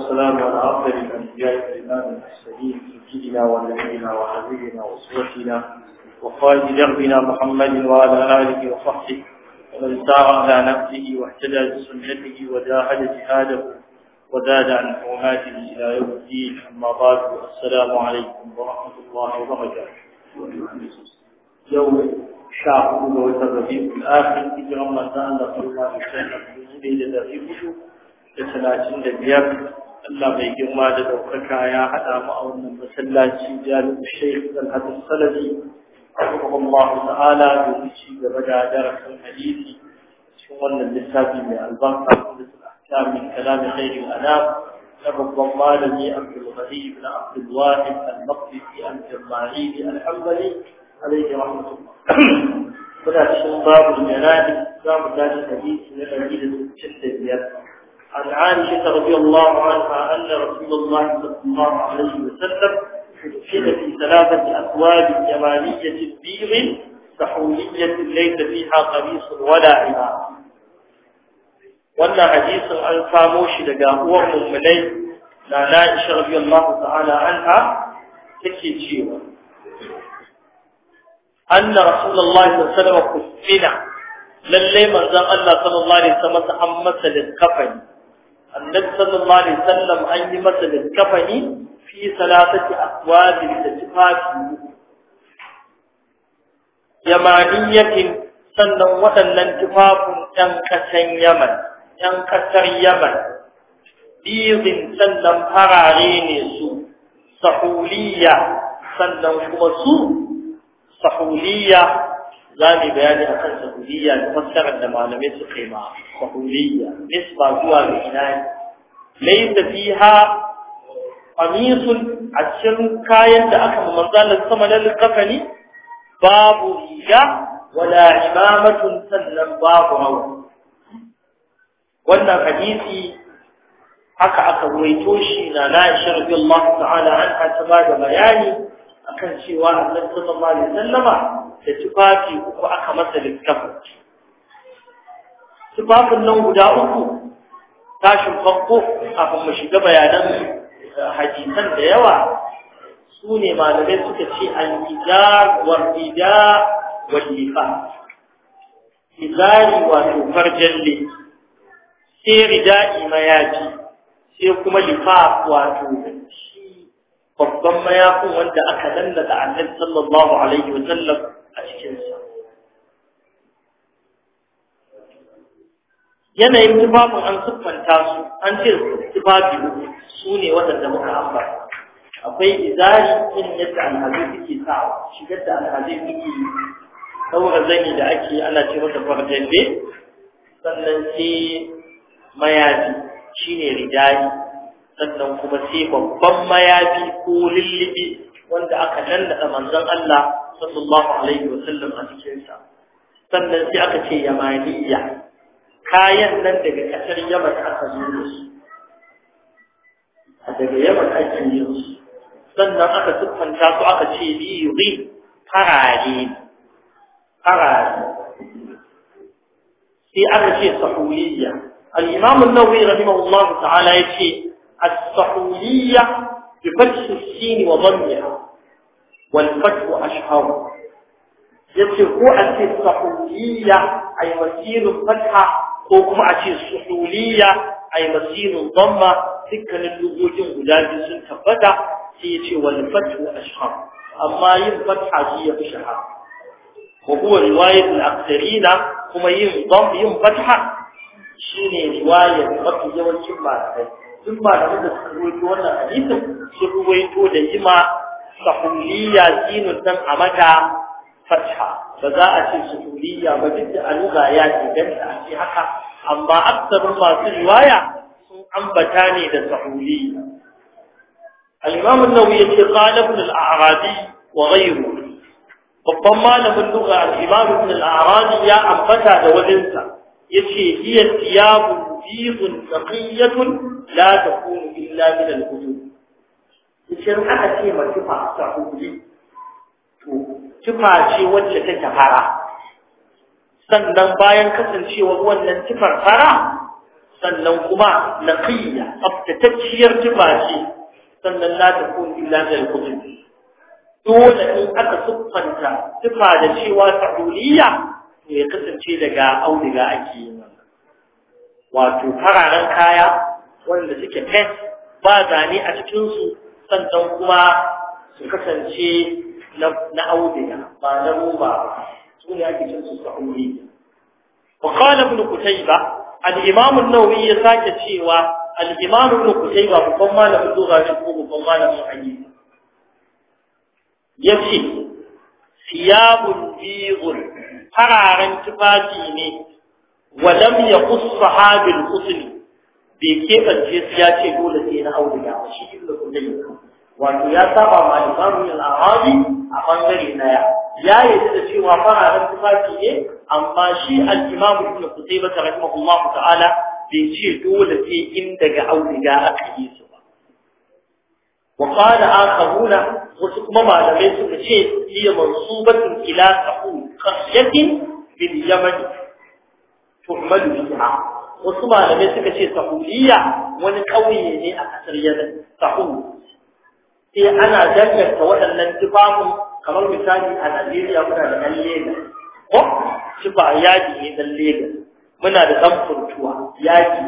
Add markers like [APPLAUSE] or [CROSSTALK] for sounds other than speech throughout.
والسلام على أفضل الأنبياء والإمام المرسلين سيدنا ونبينا وحبيبنا وأسوتنا وقائد دربنا محمد وعلى آله وصحبه ومن سار على نفسه واهتدى بسنته وجاهد جهاده وزاد عن حرماته إلى يوم الدين أما بعد السلام عليكم ورحمة الله وبركاته يوم شعب وتبذيب الآخر في رمضان صلى الله سبحانه وتعالى في الله Allah mai girma da ɗaukaka ya haɗa mu a wannan masallaci jami'in Sheikh Talhat Salafi Allah ta'ala domin ci gaba da darasin hadisi cikin wannan littafi mai albarka da ta min kalamin khairin anam na babban malami Abdul Ghani ibn Abdul Wahid al-Maqdisi al-Jama'ili al-Hanbali alayhi rahmatullah kuna cikin babu janabi za mu tashi hadisi na 165 عن عائشة رضي الله عنها أن رسول الله صلى الله عليه وسلم حسن في ثلاثة أكواب جمالية بيض سحولية ليس فيها قميص ولا عمام وأن حديث الفاموش لقى أورم الملي لا نائش رضي الله تعالى عنها تكي جيوة أن رسول الله صلى الله عليه وسلم حسن لليم أزال الله صلى الله عليه وسلم تحمس للكفن annabi sallallahu alaihi wasallam an yi masa littafani fi salatati aswadi da tufafi yamaniyatin sannan waɗannan tufafin ɗan ƙasan yaman ɗan ƙasar yaman bizin sannan farare ne su sahuliya sannan kuma su sahuliya za mu bayani a kan sahuliyya da fassarar da malamai su yi ma sahuliyya nisba zuwa ga ina laysa fiha qamisun a cikin kayan da aka ma manzalar sama na likafani babu riga wala imamatun sannan babu hawa wannan hadisi haka aka ruwaito shi na Aisha radiyallahu ta'ala anha ta ba da bayani akan cewa Annabi sallallahu alaihi wasallama da tufafi uku aka masa littafi. tufafin nan guda uku tashin farko kafin mu shiga bayanan hadisan da yawa su ne malamai suka ce al-ida wal ida wal lifa izari wato farjalle sai rida'i mayafi sai kuma lifa wato babban mayafin wanda aka lallata annabi sallallahu alaihi wa sallam cikinsa yanayin tufafin an siffanta su an ce tufafi su ne waɗanda muka ambata akwai izari in yadda alhazi suke sawa shigar da alhazi suke ɗaura zani da ake ana ce masa farjalle sannan sai mayafi shine ridayi sannan kuma sai babban mayafi ko lullubi wanda aka lallada manzon Allah sallallahu alaihi wasallam a cikin sa sannan sai aka ce yamaniya kayan nan daga kasar Yaman aka zo da su daga Yaman aka yi su sannan aka tuffanta su aka ce biyuri farare farare sai aka ce sahuliyya al-imam an-nawawi rahimahullah ta'ala yace as-sahuliyya بفتح السين وضمها والفتح أشهر يتقوى الصحولية أي مسير الفتحة وكما أتي الصحولية أي مسير الضمة تلك اللغوج غلاب سنتفتح سيتي والفتح أشهر أما ينفتح هي بشهر وهو رواية الأكثرين هم ينضم ينفتح شيني رواية مكي يوم الجمعة duk malamin da suka ruwaito wannan hadisin sun ruwaito da ima sahuliyya zinun dan a mata fatha ba za a ce sahuliyya ba duk da aluga ya ce dan a ce haka amma aksarin masu riwaya sun ambata ne da sahuliyya al-imam an-nawawi yace qala ibn al-a'radi wa ghayruhu babban malamin lugha al-imam ibn al-a'radi ya ambata da wajensa yace hiya thiyabun بيض تقية لا تكون إلا من الهدوء الشرعة كما تفع السعودي تفع شيء وجه تتفرع sannan bayan kasancewar wannan tufar fara sannan kuma na naqiya tsaftatacciyar tufa ce sannan la takun illa min al dole in aka siffanta tufa da cewa ta'uliyya to ya kasance daga auduga ake yi wato fararen kaya wanda suke fes ba zane a cikinsu sannan kuma su kasance na auduna ba na ruba su ne ake cin su sa umri wa qala ibn qutayba al imam an-nawawi ya sake cewa al imam ibn qutayba babban malamin zuwa ko babban malamin Ya yace siyabul bi'ul fararen tufafi ne wa lam yaqus sahabil qusli bai kebance ya ce dole sai na auduga wato ya saba ma limamin al'arabi a bangare na ya yi da cewa fararen tufafi ne amma shi al-imam ibn qutayba rahimahullahu ta'ala bai ce dole sai in daga auduga aka yi su ba wa qala akharuna wasu kuma malamai suka ce iya mansubatun ila sahul qasyatin bil yamani tuhmalu biha wasu malamai suka ce sahuliya wani kauye ne a kasar yaman sahul sai eh, ana danganta waɗannan tufafin kamar misali a Najeriya muna da ɗan lega ko shi ba yaji ne ɗan lega muna da ɗan furtuwa yaji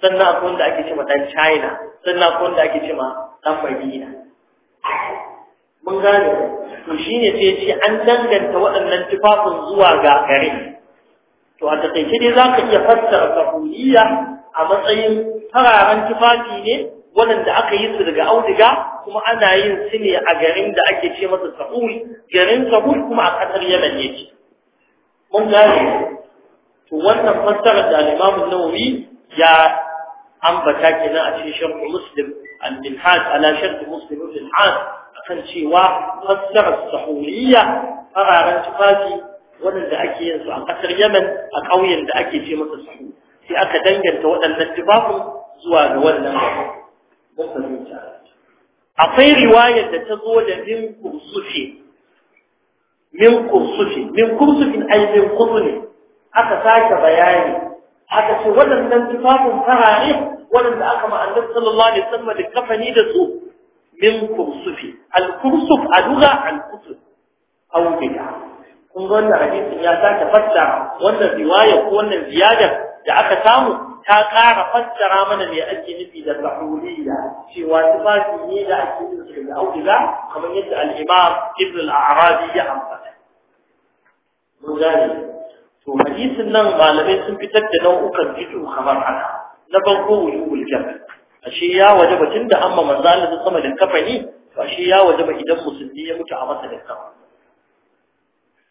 sannan akwai wanda ake cima ɗan China sannan akwai wanda ake cima ɗan Madina mun gane to shine sai ce an danganta waɗannan tufafin zuwa ga gare to a takaice dai za ka iya fassara sahuriya a matsayin fararen tufafi ne waɗanda aka yi su daga auduga kuma ana yin su ne a garin da ake ce masa sahul garin sahul kuma a ƙasar yamen yake mun gane to wannan fassarar da al nawawi ya ambata kenan a cikin sharh muslim al-minhaj ala sharh muslim al-minhaj akan cewa fassarar sahuriya fararen tufafi waɗanda ake yin su a ƙasar Yemen a ƙauyen da ake ce masa su sai aka danganta waɗannan tufafin zuwa ga wannan akwai riwayar da ta zo da min kursufi min kursufi min kursufin ai min kursuni aka sake bayani aka ce waɗannan tufafin farare waɗanda aka ma'anar sallallahu alaihi wasallam da kafani da su min kursufi al kursuf a lugha al kursuf aw bid'a kun ga wannan hadisin ya sake fassara wannan riwaya ko wannan ziyadar da aka samu ta ƙara fassara mana me ake nufi da sahuriya cewa tufafi ne da ake nufi da auduga kamar yadda al-imam ibn al-arabi ya ambata mun gane to hadisin nan malamai sun fitar da nau'ukan jitu kamar haka na farko wujubul jabr ashe ya wajaba tunda amma manzo Allah sama da kafani to ashe ya wajaba idan musulmi ya mutu a masa da kafani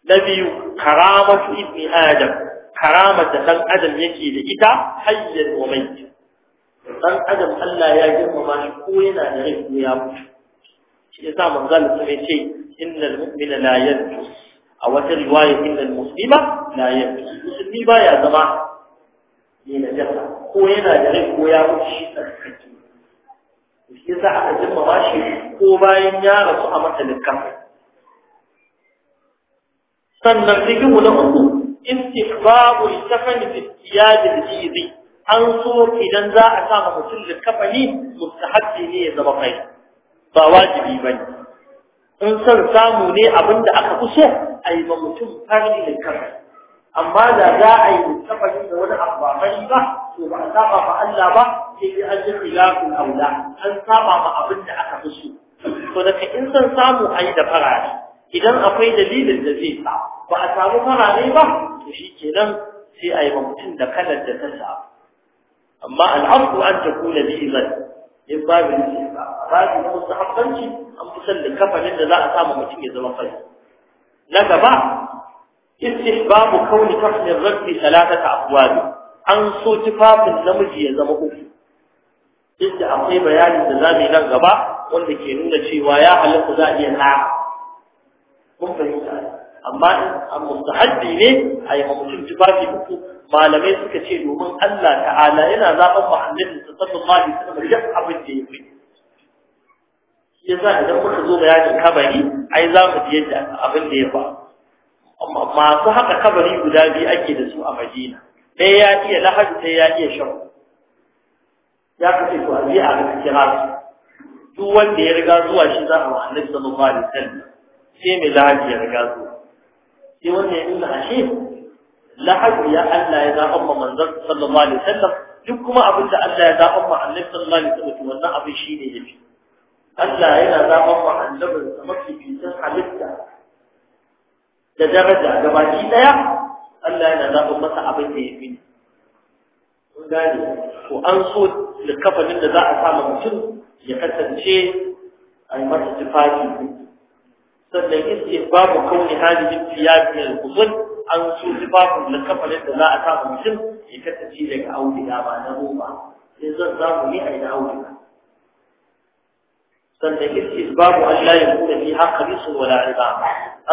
na biyu karamatu ibni adam karamar da dan adam yake da ita hayyan wa mai. dan adam Allah ya girmama shi ko yana da rai ko ya mutu shi sa manzon sun ya ce innal mu'mina la yanjus a wata riwaya innal muslima la yanjus musulmi baya zama ne na jasa ko yana da rai ko ya mutu shi tsarkake shi sa aka girmama shi ko bayan ya rasu a masa likkafin sannan rigimu na uku istihbabu istafani fi iyadi al-jizi an so idan za a sa mutum da kafani mustahabbi ne ya zama kai ba wajibi bane in san samu ne abinda aka fi so a yi ma mutum fari da kafani amma da za a yi ni da wani abu ba fari ba to ba a saba ma Allah ba sai dai an ji khilafin aula an saba ma da aka fi so to daga in san samu a yi da farari idan akwai dalilin da zai sa ba a samu farare ba to shi kenan sai a yi wa mutum da kalar da ta sa, amma al'afu an ta kula ni'imar in babin ba. babin na wasu habbanci an fi son da kafanin da za a samu mutum ya zama fari na gaba istihbabu kauni kafin rabbi ta abwabi an so tufafin namiji ya zama uku duk da akwai bayanin da zamu yi nan gaba wanda ke nuna cewa ya halatta za a iya na mun fahimta amma a mustahabbi ne a yi mutum tufafi uku malamai suka ce domin Allah ta'ala yana zaɓar da ta sallallahu alaihi mai yadda abin da ya fi a idan muka zo bayanin kabari ai za mu ji yadda abin da ya fa masu haka kabari guda biyu ake da su a Madina ɗaya ya iya lahadu ɗaya ya iya shan ya kace to a biya a kira duk wanda ya riga zuwa shi za a muhammadin sallallahu alaihi wasallam sai mai lahadi ya riga su sai wannan ya nuna ashe lahadi ya Allah ya zaɓa ma manzon sallallahu alaihi wasallam duk kuma abin da Allah ya zaɓa ma annabi sallallahu alaihi wasallam wannan abin shi ne yafi Allah yana zaɓa ma annabin sa mafi fitin halitta da daraja ga baki daya Allah yana zaɓa masa abin da yafi gane ko an so likafanin da za a sama mutum ya kasance a yi masa tufafi sannan babu kauni hali thiyab min al-qusul an su tibabu da kafarin da za a sa mutum ya kasance daga auduga ba na roba sai zan samu ni a yi da auduga sannan ce babu Allah ya kuma ni haka bisu wala riba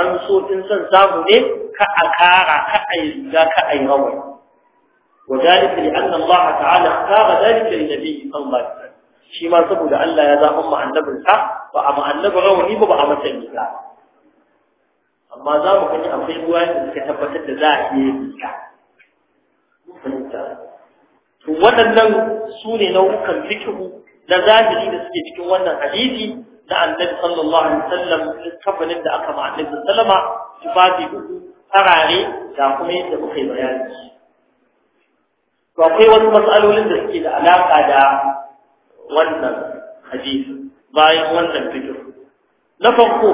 an so in san samu ne ka a kara ka a yi riga ka a yi rawai وذلك لأن الله تعالى اختار ذلك لنبيه صلى الله عليه وسلم shi ma saboda Allah ya zaɓa mu annabin sa ba a mu annabi rawani ba a masa ba amma za mu gani akwai ruwa da suka tabbatar da za a iya yi to waɗannan su ne nau'ukan fikihu na zahiri da suke cikin wannan hadisi na annabi sallallahu alaihi wasallam kafanin da aka ma annabi sallama tufafi uku farare da kuma yadda muka yi bayani to akwai wasu matsalolin da suke da alaƙa da wannan hadisi bayan wannan fikir na farko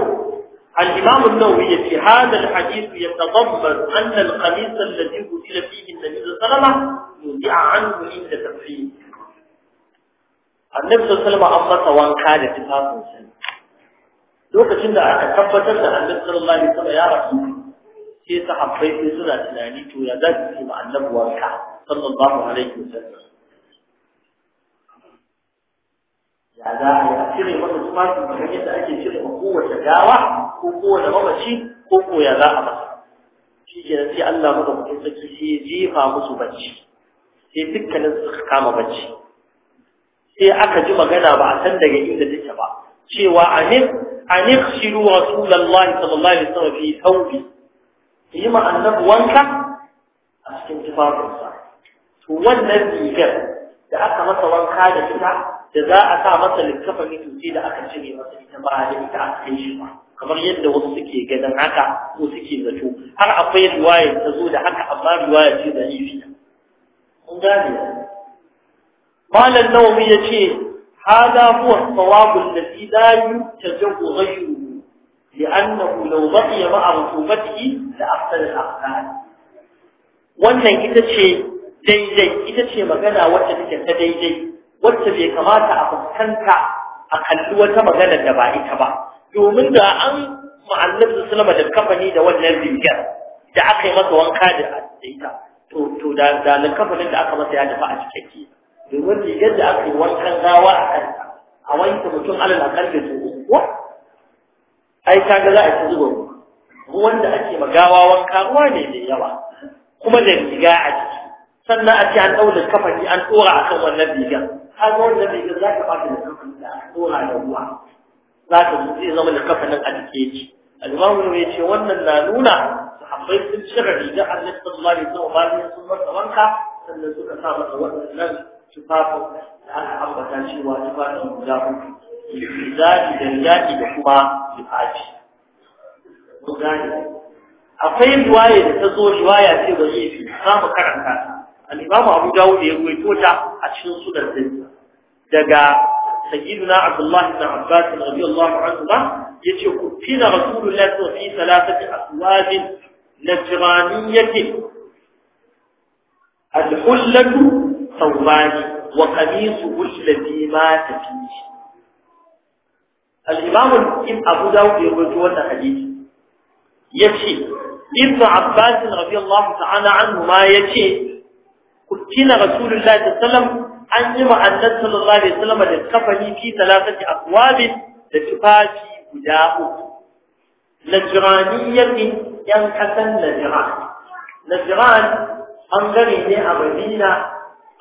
الإمام النووي في هذا الحديث يتضمن أن القميص الذي قتل فيه النبي صلى الله عليه وسلم يبيع عنه إلا تفحيه النبي صلى الله عليه وسلم أمت وان كان اتفاق وسلم لوك شند أكتفة تسعى النبي صلى الله عليه وسلم يا رسول الله كيف حبيت سنة الثاني تو في معلم وان صلى الله عليه وسلم ya za a yi a cire masa tufafi kamar yadda ake cire ma kowace gawa ko kowane mamaci ko ko ya za a masa shi ke sai Allah maka mutum saki sai ya jefa musu bacci sai dukkanin suka kama bacci sai aka ji magana ba a san daga inda take ba cewa anik anik shiru rasulullahi sallallahu alaihi wasallam fi thawbi yi ma annabi wanka a cikin tufafinsa to wannan rigar da aka masa wanka da ita da za a sa masa littafin to sai da aka cire masa ita ba da ita a kai shi ba kamar yadda wasu suke ganin haka ko suke zato har akwai riwaya ta zo da haka amma riwaya ce da fita, kun gane malam nawawi yace hada huwa sawabu alladhi la yutajawu ghayruhu لأنه لو بقي مع رطوبته لأحسن الأقدار wannan ita ce daidai ita ce magana wacce take ta daidai wacce bai kamata a fuskanta a kalli wata magana da ba ita ba domin da an su sallama da kafani da wannan rigar da aka yi masa wanka da ita to to da da kafanin da aka masa ya dafa a cikakke domin rigar da aka yi wankan gawa a kanta a wanke mutum alal akalli su ko ai ga za a ci zuba ruwan da ake magawa wanka ruwa ne mai yawa kuma da riga a ciki sannan ake ce an ɗaure kafaki an ɗora a kan wannan rigar har ma wannan rigar za ka ba da kafin da aka ɗora da ruwa za ka zai zama da kafanin a jike ci alimamu ya ce wannan na nuna sahabbai sun cire rigar annabi sallallahu alaihi wasallam bayan sun masa wanka sannan suka sa masa waɗannan tufafin da aka ambata cewa tufafin guda uku zaki da yaƙi da kuma tufafi. Mun gane. Akwai riwaya da ta zo riwaya ce da yi fi, za mu karanta ta. الإمام أبو داود يروي توجع عشان صدر الزنزة دقا سيدنا عبد الله بن عباس رضي الله عنهما يتيق فينا رسول الله في ثلاثة أسواد نجرانية الحلة ثوباني وقميص وجلة ما فيه الإمام الإمام أبو داود يروي توجع حديث يتيق ابن عباس رضي الله تعالى عنهما يتيق kukkina rasulullahi sallallahu alaihi wasallam an yi ma'annan sallallahu alaihi wasallam da kafani fi talatati aqwabin da tufafi guda uku najraniyar yan kasan najran najran bangare ne a madina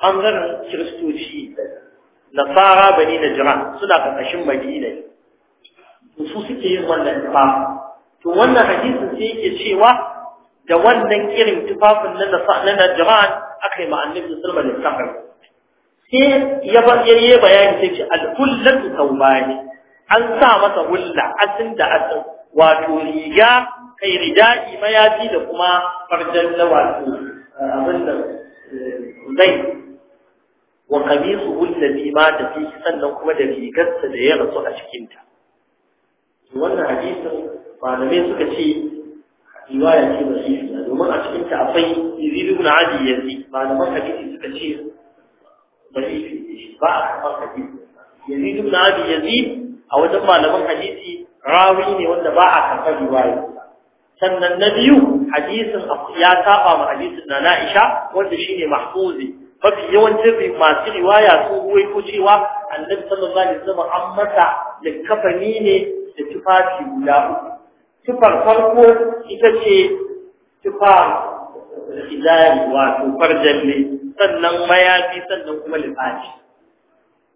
bangaren kiristoci nasara bani najran suna ƙarƙashin madina su suke yin wannan tufafi to wannan hadisin sai yake cewa da wannan irin tufafin na na najran aka yi ma annabi sulma da sai ya ba ya yi bayani sai ce al an sa masa hulla asin da asin wato riga kai rida'i mayafi da kuma farjan na wato eh, abin da eh, zai wa qamisuhu alladhi mata sannan kuma da rigarsa da ya rasu a cikin ta wannan hadisin malamai suka ce riwaya ce ba shi domin a cikin ta akwai yazid ibn adi yazi malaman hadisi suka ce ba shi ba a karɓar hadisi yazid ibn adi yazi a wajen malaman hadisi rawi ne wanda ba a karɓar riwaya sannan na biyu hadisin ya saba ma hadisin na Aisha wanda shine mahfuzi mafi yawancin masu riwaya sun ko cewa annabi sallallahu alaihi wasallam an masa da kafani ne da tufafi guda uku sifar farko ita ce tufa izari wato farjalle sannan mayafi sannan kuma lifafi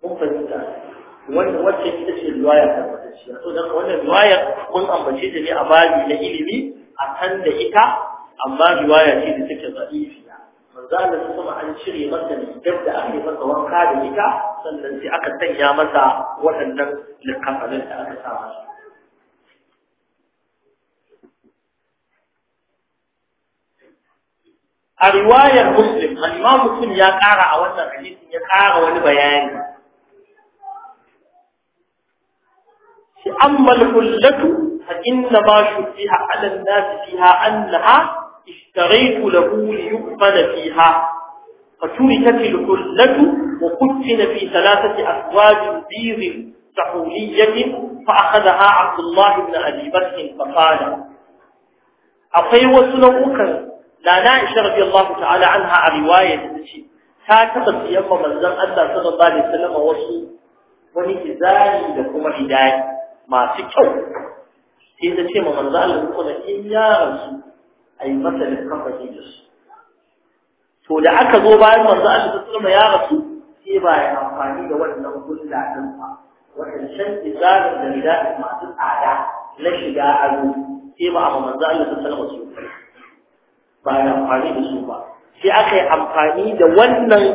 mun fahimta wanda wacce ita ce riwaya ta fadaciya to da wannan riwaya mun ambace ta ne a babi na ilimi a kan da ita amma riwaya ce da take da'ifiya manzo su kuma an cire masa idan da aka masa wanka da ita sannan sai aka sanya masa waɗannan likafanin da aka sa masa a riwayar muslim al-imam muslim ya ƙara a wannan hadisin ya ƙara wani bayani shi amma al-hullatu fa inna ma shubbiha ala an-nas fiha annaha ishtaraytu lahu li yuqbala fiha fa turikat al-hullatu wa qutina fi thalathati aswaj bir سحولية فأخذها عبد الله بن أبي بكر فقال أقوى سنوكا nana rabi Allah ta'ala anha a riwaya da ce ta taba siyan ma manzon Allah sallallahu da salama wasu wani izari da kuma hidayi masu kyau sai ta ce ma manzon Allah kuma in yaran su ai masa da kafa da su to da aka zo bayan manzon Allah sallallahu alaihi wasallam ya rasu sai ba ya amfani da wannan gulla din ba wadancan izarin da hidayi masu tsada na shiga ado sai ba a manzon Allah sallallahu alaihi wasallam ba ya amfani da su ba sai aka yi amfani da wannan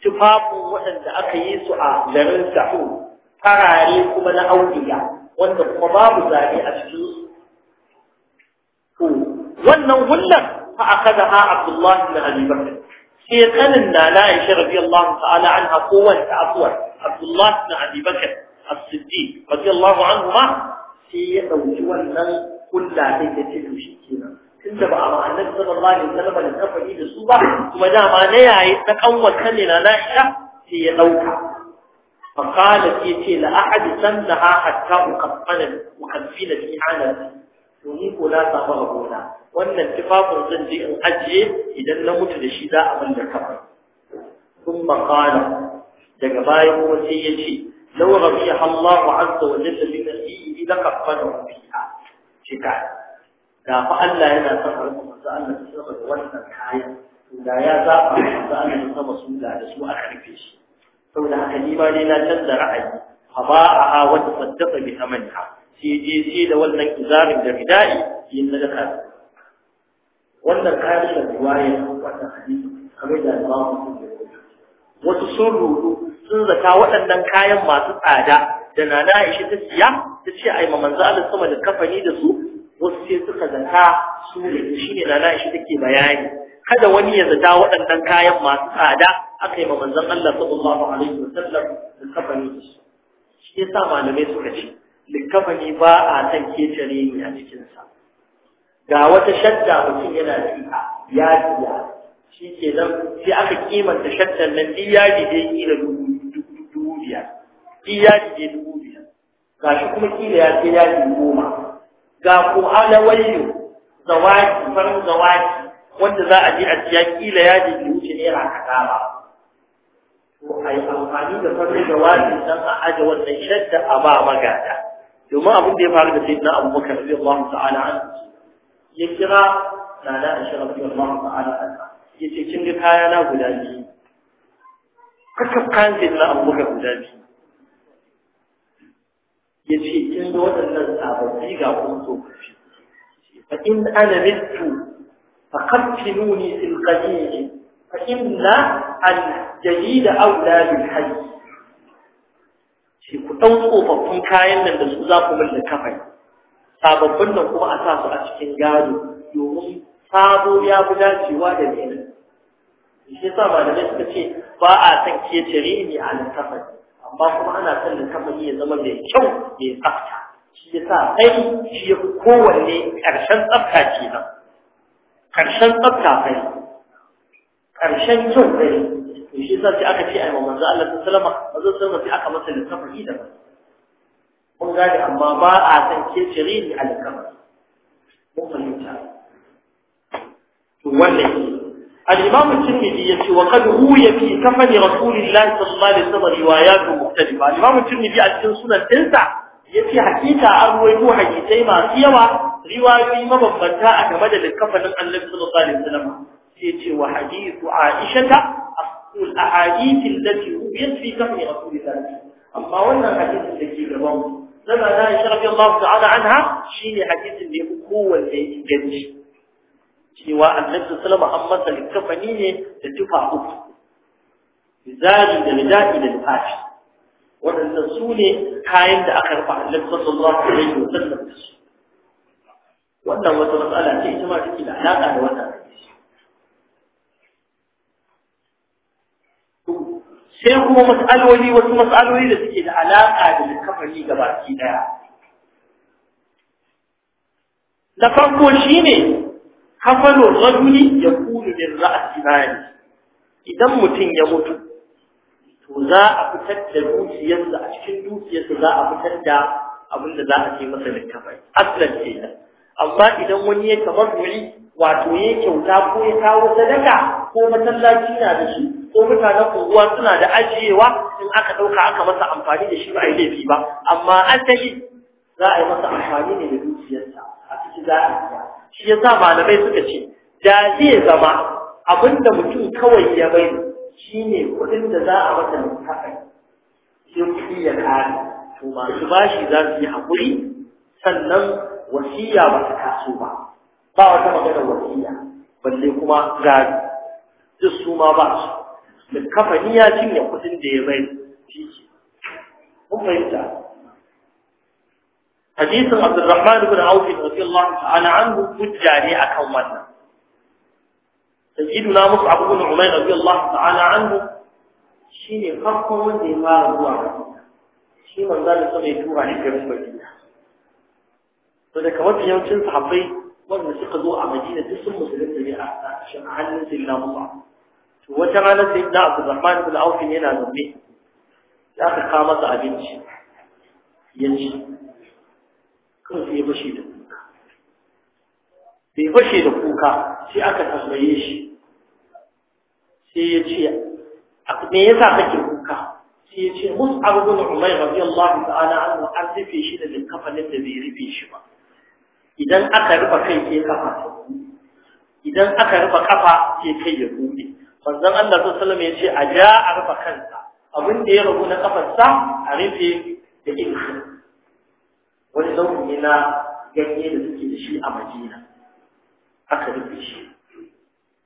tufafin waɗanda aka yi su a garin sahu farare kuma na auduga wanda kuma babu zane a cikin to wannan hullar fa akadaha Abdullah ibn Abi Bakr sai kanin na da la Aisha radiyallahu ta'ala anha kowanne afwar Abdullah ibn Abi Bakr as-Siddiq Allah an ma sai ya ɗauki wannan hulla sai ta ce to kenan tunda ba a annabi sallallahu alaihi wasallam da tafaki da su ba kuma dama na yayi ta kanwata ne na Aisha sai ya dauka fa qala ki ce la ahad sannaha hatta uqaffana uqaffina fi ala to ko la ta ba gona wannan tufafin zan je in ajiye idan na mutu da shi za a banda kafa kuma daga baya kuma sai ya ce law rabiha Allahu azza wa jalla bi nafsihi laqaffana fiha da fa Allah yana son al'umma manzo Allah ta saba da wannan kayan da ya zaba manzo Allah ya saba su da su a karfe shi saboda haka ni ma ne na canza ra'ayi a haba'aha wa tasaddaqa bi amanha sai je sai da wannan izarin da ridai yin na ka wannan kayan da riwaya wannan hadisi kamar da Imam Muslim wasu sun rudu sun zata waɗannan kayan masu tsada da nana Aisha ta siya ta ce a ai manzo Allah sama da kafani da su wasu sai suka zata su ne shi ne nana shi take bayani kada wani ya zata waɗannan kayan masu tsada aka yi ma manzon Allah sallallahu alaihi wasallam likafani da su shi ya sa malamai suka ce likafani ba a san kecere ne a cikinsa ga wata shadda mutum yana da ita ya biya shi ke nan sai aka kimanta shaddan nan iyali dai kila dubu biyar iyali dai dubu biyar ga shi kuma kila ya ce yadi goma ga ko alawayyo zawaki farin zawaki wanda za a je a siya kila ya je wuce naira kaza ba to a yi amfani da farin zawaki dan a aje wannan shadda a ba magada domin abin da ya faru da sayyidina abubakar radiyallahu ta'ala an ya kira nana aisha radiyallahu ta'ala an yace kin ga kaya na guda biyu kakkan kan sayyidina abubakar guda biyu ya ce in ga waɗannan sababbi ga kuma tsofaffi fa in ana mitu fa kaffinuni fil qadid fa la al jadid aula bil hayy shi ku ɗan tsofaffin kayan nan da su za ku mallaka kafai sababbin nan kuma a sa su a cikin gado domin sabo ya fi dacewa da mai shi da ne suka ce ba a san ketare ni a littafin amma kuma ana son likafani ya zama mai kyau mai tsafta shi ya sa sai shi ya kowanne ƙarshen tsafta ke nan ƙarshen tsafta sai ƙarshen kyau sai to shi sa sai aka ce ai wa manzo Allah sallama manzo sallama sai aka masa littafin da mun gane amma ba a san ke shirin alkafani mun fahimta to wannan الإمام الترمذي يتي وقد روي في كفن رسول الله صلى الله عليه وسلم روايات مختلفة الإمام الترمذي أتكن سنة تنسع يتي حقيقة أرويه حديثي ما سيوا رواية مبنبتا أكمد للكفن عن النبي صلى الله عليه وسلم يتي وحديث عائشة الأحاديث التي رويت في كفن رسول الله أما وانا الحديث الذي جبه لما لا رضي الله تعالى عنها شيني حديث اللي هو الذي جدش cewa annabi sallama an masa likafani ne da tufa uku zali da lidai da lifafi wannan su ne kayan da aka rufa annabi sallallahu alaihi wasallam da wannan wata matsala ce ita ma take da alaƙa da wannan sai kuma matsaloli wasu matsaloli da suke da alaƙa da gaba ki ɗaya na farko shine kafanun rajuli ya kulu min ra'asi mali idan mutum ya mutu to za a fitar da dukiyarsa a cikin dukiyarsa za a fitar da abin da za a ce masa littafai aslan ce amma idan wani ya kamar wuri wato ya kyauta ko ya kawo sadaka ko matallaci na da shi ko mutanen unguwa suna da ajiyewa in aka ɗauka aka masa amfani da shi ba a yi laifi ba amma asali za a yi masa amfani ne da dukiyarsa a ciki za a yi shi yasa malamai suka ce da zai zama abinda mutum kawai ya bai shi ne kudin da za a masa littafin sai kudi ya kare to masu bashi za su yi haƙuri sannan wasiya ba ta kaso ba ba wata maganar wasiya balle kuma gari duk su ma ba su da kafani ya cinye kuɗin da ya bai shi ke kun fahimta حديث عبد الرحمن بن عوف رضي الله تعالى عنه تجاري اكمنا سيدنا مصعب بن عمير رضي الله تعالى عنه شيء خف من دماغ هو شيء من ذلك سمي تورا نجم مدينة فإذا كما في يوم تنسى حفي وقد نسيق ذوء مدينة تسمى سلسة لها عشان عن سيدنا مصعب وجعل سيدنا عبد الرحمن بن عوف ينا نبيه لأخي قامت أبنشي ينشي kawai sai fashe da kuka bai fashe da kuka sai aka tambaye shi sai ya ce me yasa kake kuka sai ya ce mun abu bin umar radiyallahu ta'ala anhu an rufe shi da kafanin da bai rufe shi ba idan aka rufe kai ke kafa ta idan aka rufe kafa ke kai ya bude manzon Allah sallallahu alaihi wasallam ya ce a ja a rufe kansa abin da ya rabu na kafarsa a rufe da ilmi wani nau'i na ganye da suke da shi a madina aka rufe shi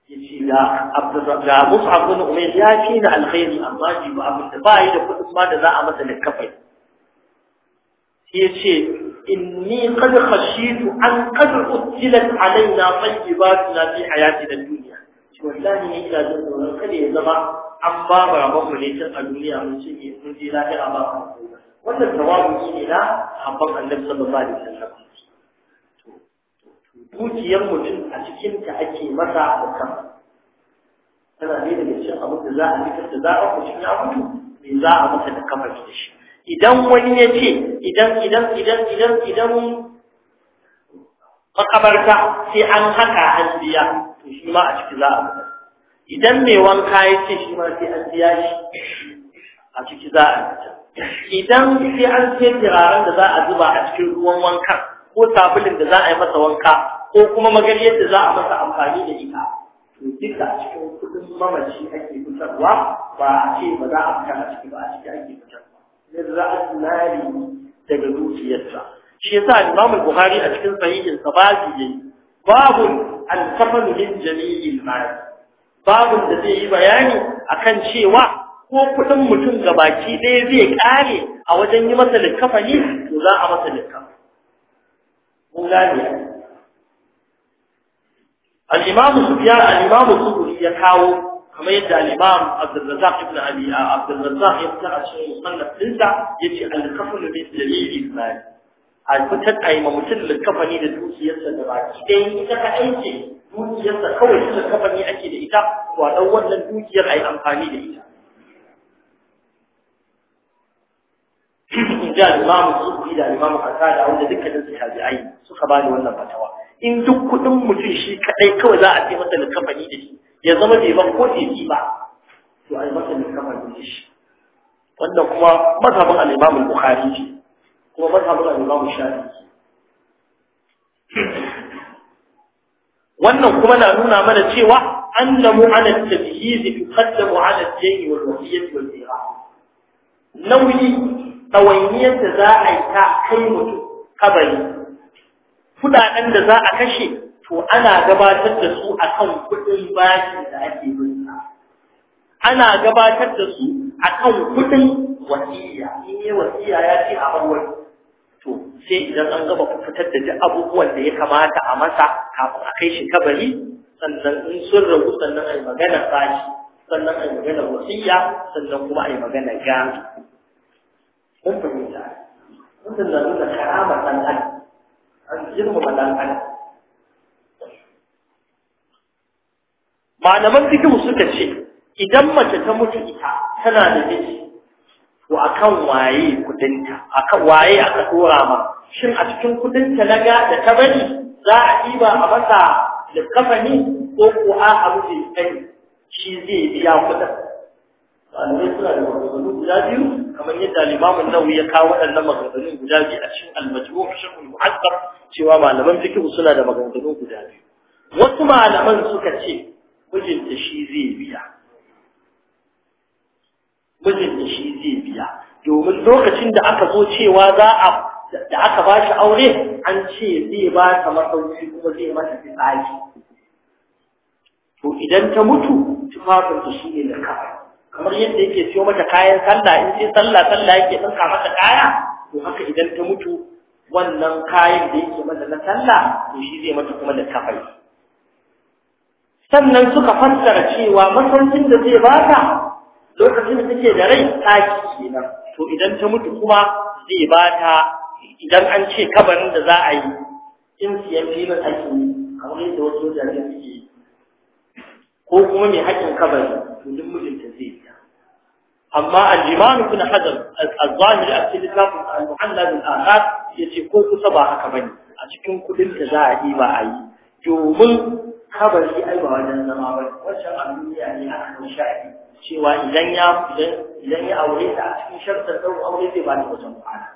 ce da da Mus'ab bin umar ya fi da alkhairi amma ji ba abin da bai da kudin ma da za a masa da kafai sai yace inni qad khashitu an qad utilat alaina tayyibatuna fi da duniya shi wallahi ne ina jin tsoron kada ya zama an ba ba ba mu ne tun a duniya mun ce mun ji lafiya ba wannan tawabu shi na habban annabi sallallahu alaihi wasallam dukiyar mutum a cikin ta ake masa alkan tana ne da cikin abin da za a yi da za a kuci ya mutu me za a masa da kamar da shi idan wani ya ce idan idan idan idan idan makabarta sai an haka an biya to shi ma a ciki za a mutu. idan mai wanka ya ce shi ma sai an biya shi a ciki za a fitar idan sai an ce turaren da za a zuba a cikin ruwan wankan ko sabulin da za a yi masa wanka ko kuma magariyar da za a masa amfani da ita to duka cikin kudin mamaci ake fitarwa ba a ce ba za a fita a ciki ba a ciki ake fitarwa ne za a tunani daga zuciyarsa shi yasa Imam Bukhari a cikin sahihin sa babu yayi babu al-kafanu min jami'il mal babu da zai yi bayani akan cewa ko kuɗin mutum ga baki ɗaya zai ƙare a wajen yi masa likkafa ne za a masa likkafa. Mun gane. al ya kawo kamar yadda Al-Imam Abdulrazzaq ibn Abi Abdulrazzaq ya fita a cikin musallar dinsa yace al-kafu ne da jami'i sai. A fitar a yi ma mutum likkafa ne da dukiyarsa da baki ɗaya in ka aiki dukiyarsa kawai ita kafa ake da ita to a ɗan wannan dukiyar a yi amfani da ita. da Imam Zuhri da Imam Qatada wanda dukkanin su tabi'ai suka bani wannan fatawa in duk kudin mutum shi kadai kawai za a ce masa likafani da shi ya zama bai ban ko teki ba to ai masa likafani da shi wannan kuma mazhabin al-Imam Bukhari ce kuma mazhabin al-Imam Shafi'i wannan kuma na nuna mana cewa annamu ala at-tabyiz yuqaddamu ala ad-dayn wal-wasiyyah wal-mirath nauyi ɗawainiyarta za a yi ta kai mutum kabari kuɗaɗen da za a kashe to ana gabatar da su a kan kuɗin bashi da ake binsa ana gabatar da su a kan kuɗin wasiya in yi wasiya ya ce a bar to sai idan an gaba fitar da duk abubuwan da ya kamata a masa kafin a kai shi kabari sannan in sun rabu sannan a yi magana bashi sannan a yi magana wasiya sannan kuma a yi magana gano kun fahimta wannan na nuna karamar ɗan adam an girmama ɗan adam malaman fikihu suka ce idan mace ta mutu ita tana da miji to akan waye kudinta akan waye aka dora ma shin a cikin kudinta na ga da ta bari za a diba a masa likafani ko ko a abu da shi zai biya kudin malamai suna da maganganu guda biyu kamar yadda limamin nawawi ya kawo waɗannan maganganun guda biyu a cikin al a sharh al-mu'azzar cewa malaman fiqh suna da maganganu guda biyu wasu malaman suka ce mijinta shi zai biya mijinta shi zai biya domin lokacin da aka zo cewa za a da aka ba shi aure an ce zai ba ta masauki kuma zai mata fitsari to idan ta mutu tufafinta shi ne da kawai kamar yadda yake siyo mata kayan sallah in sai sallah sallah yake dinka mata kaya to haka idan ta mutu wannan kayan da yake mata na sallah to shi zai mata kuma littafai sannan suka fassara cewa masaukin da zai bata lokacin da take da rai taki kenan to idan ta mutu kuma zai bata idan an ce kabarin da za a yi in siyan filin ake yi kamar yadda wasu jami'an suke ko kuma mai haƙƙin kabari to duk mijinta zai أما الإمام بن حجر الظاهر أبتل الله المحلى بالآخر يتقول A حكمني أتكون كل الجزائي ba يوم خبري أيضا أن النمابة وشرع مني يعني أحد شعبي cewa idan ya idan ya aure ta a cikin shartar ɗau aure zai bani wajen kwana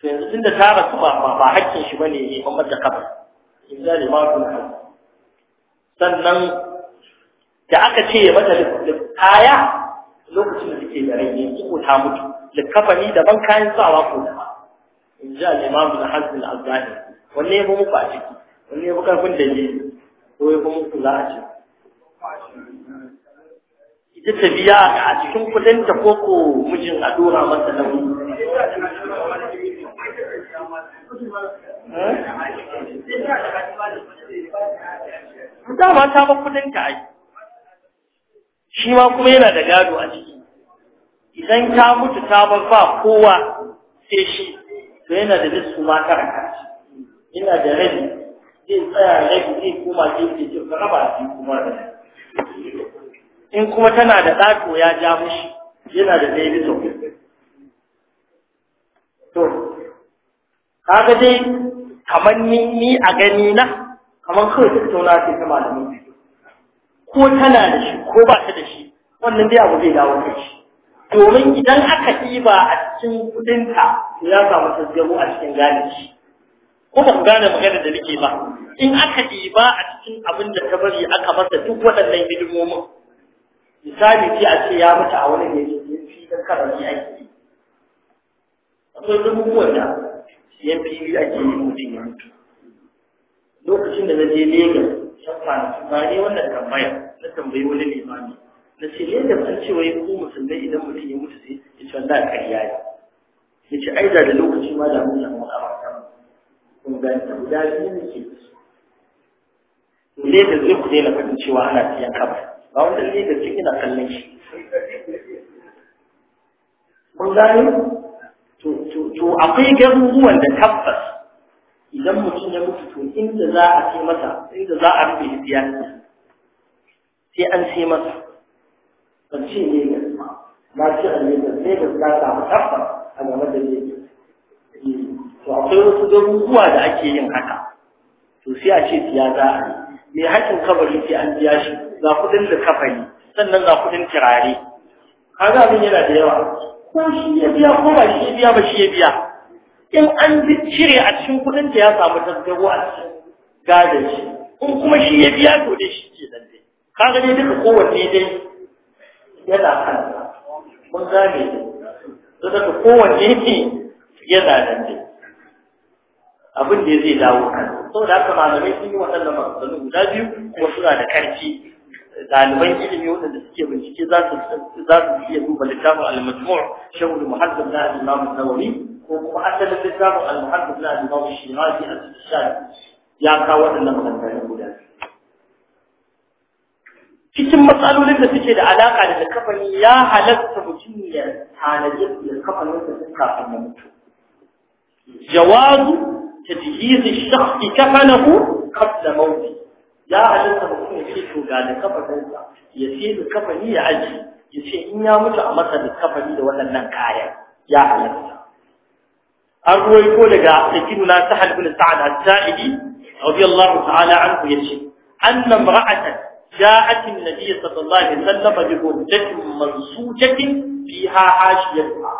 to yanzu tun da ta rasu ba ba hakkin shi bane ne ban da kabar in za ne sannan da aka ce ya mata kaya lokacin da suke da rai yanzu ko ta mutu Da da daban kayan sawa ko da in ji al na bin hazm al wanne ya muku a ciki wanne ya karfin dalili ko ya muku za a ce ita ta biya a cikin kudin ta koko mijin a dora masa nauyi eh? dama ta ba kudin ta ai shi ma kuma yana da gado a ciki idan ka mutu ta bar ba kowa sai shi to yana da lissu ma kashi yana da rabi zai tsaya rabi zai koma ke ce ka raba shi kuma da in kuma tana da ɗato ya ja mushi yana da ɗaya bisa to kaga dai kamar ni a gani na kamar kawai tattauna ce ta malamin ko tana da shi ko ba ta da shi wannan dai abu zai dawo kai shi domin idan aka ɗiba a cikin kuɗinta ya samu tasgaro a cikin gane shi ko ba ku gane magana da nake ba in aka ɗiba a cikin abin da ta bari aka masa duk waɗannan hidimomin misali ce a ce ya mutu a wani ne fi don karami ake yi akwai dubu da yan fili ake yi mutum ya mutu lokacin da na je Legas can kwanaki ba ne wannan tambaya na tambayi wani limami na ce ne da sun ce wai ko musulmai idan mutum ya mutu sai ya ce wallahi karya ne ya ce ai da lokaci ma da mun samu amsa kun ga ta guda biyu ne ke to ne da zai ku daina fadin cewa ana siyan kaba ba wanda ne da cikin ina kallon shi kun gane to to to akwai garuruwan da tabbas idan mutum ya mutu to inda za a ce masa inda za a rufe biya sai an ce masa ban ce ne ga ba ce a ne ga sai ga za a samu tabbas a game da ne to akwai wasu garuruwa da ake yin haka to sai a ce biya za a yi mai hakin kabari sai an biya shi za kuɗin da kafari sannan za kuɗin kirare kaga abin yana da yawa ko shi ya biya ko ba shi ya biya ba shi ya biya in an cire a cikin kudin da ya samu tasgaro a cikin gadon shi in kuma shi ya biya to dai shi ke nan ka ga dai duka kowanne dai yana kan mun gane da, daga kowanne ne yana da dai abin da zai dawo kan da aka malamai sun yi waɗannan maganganu guda biyu kuma suna da ƙarfi ɗaliban ilimi waɗanda suke bincike za su iya duba littafin al-majmu' shawul muhazzab da al-imam an-nawawi ko kuma asalin littafin al-muhaddith na Abu Dawud Shirazi a cikin shafi ya kawo waɗannan maganganun guda cikin matsalolin da suke da alaka da kafani ya halatta mutum ya tanaji ya kafanin sa tun kafin na mutu jawazu tadhiyiz ash-shakhs kafanahu qabla mawti ya halatta mutum ya ce to ga da kafanin sa ya ce kafani ya aji ya ce in ya mutu a masa da kafani da waɗannan kayan ya halatta an ko daga sayyiduna sahal bin sa'ad as-sa'idi radiyallahu ta'ala anhu yace anna imra'atan ja'at an-nabiy sallallahu alaihi wasallam bi hujjatin mansujatin fiha hashiyatuha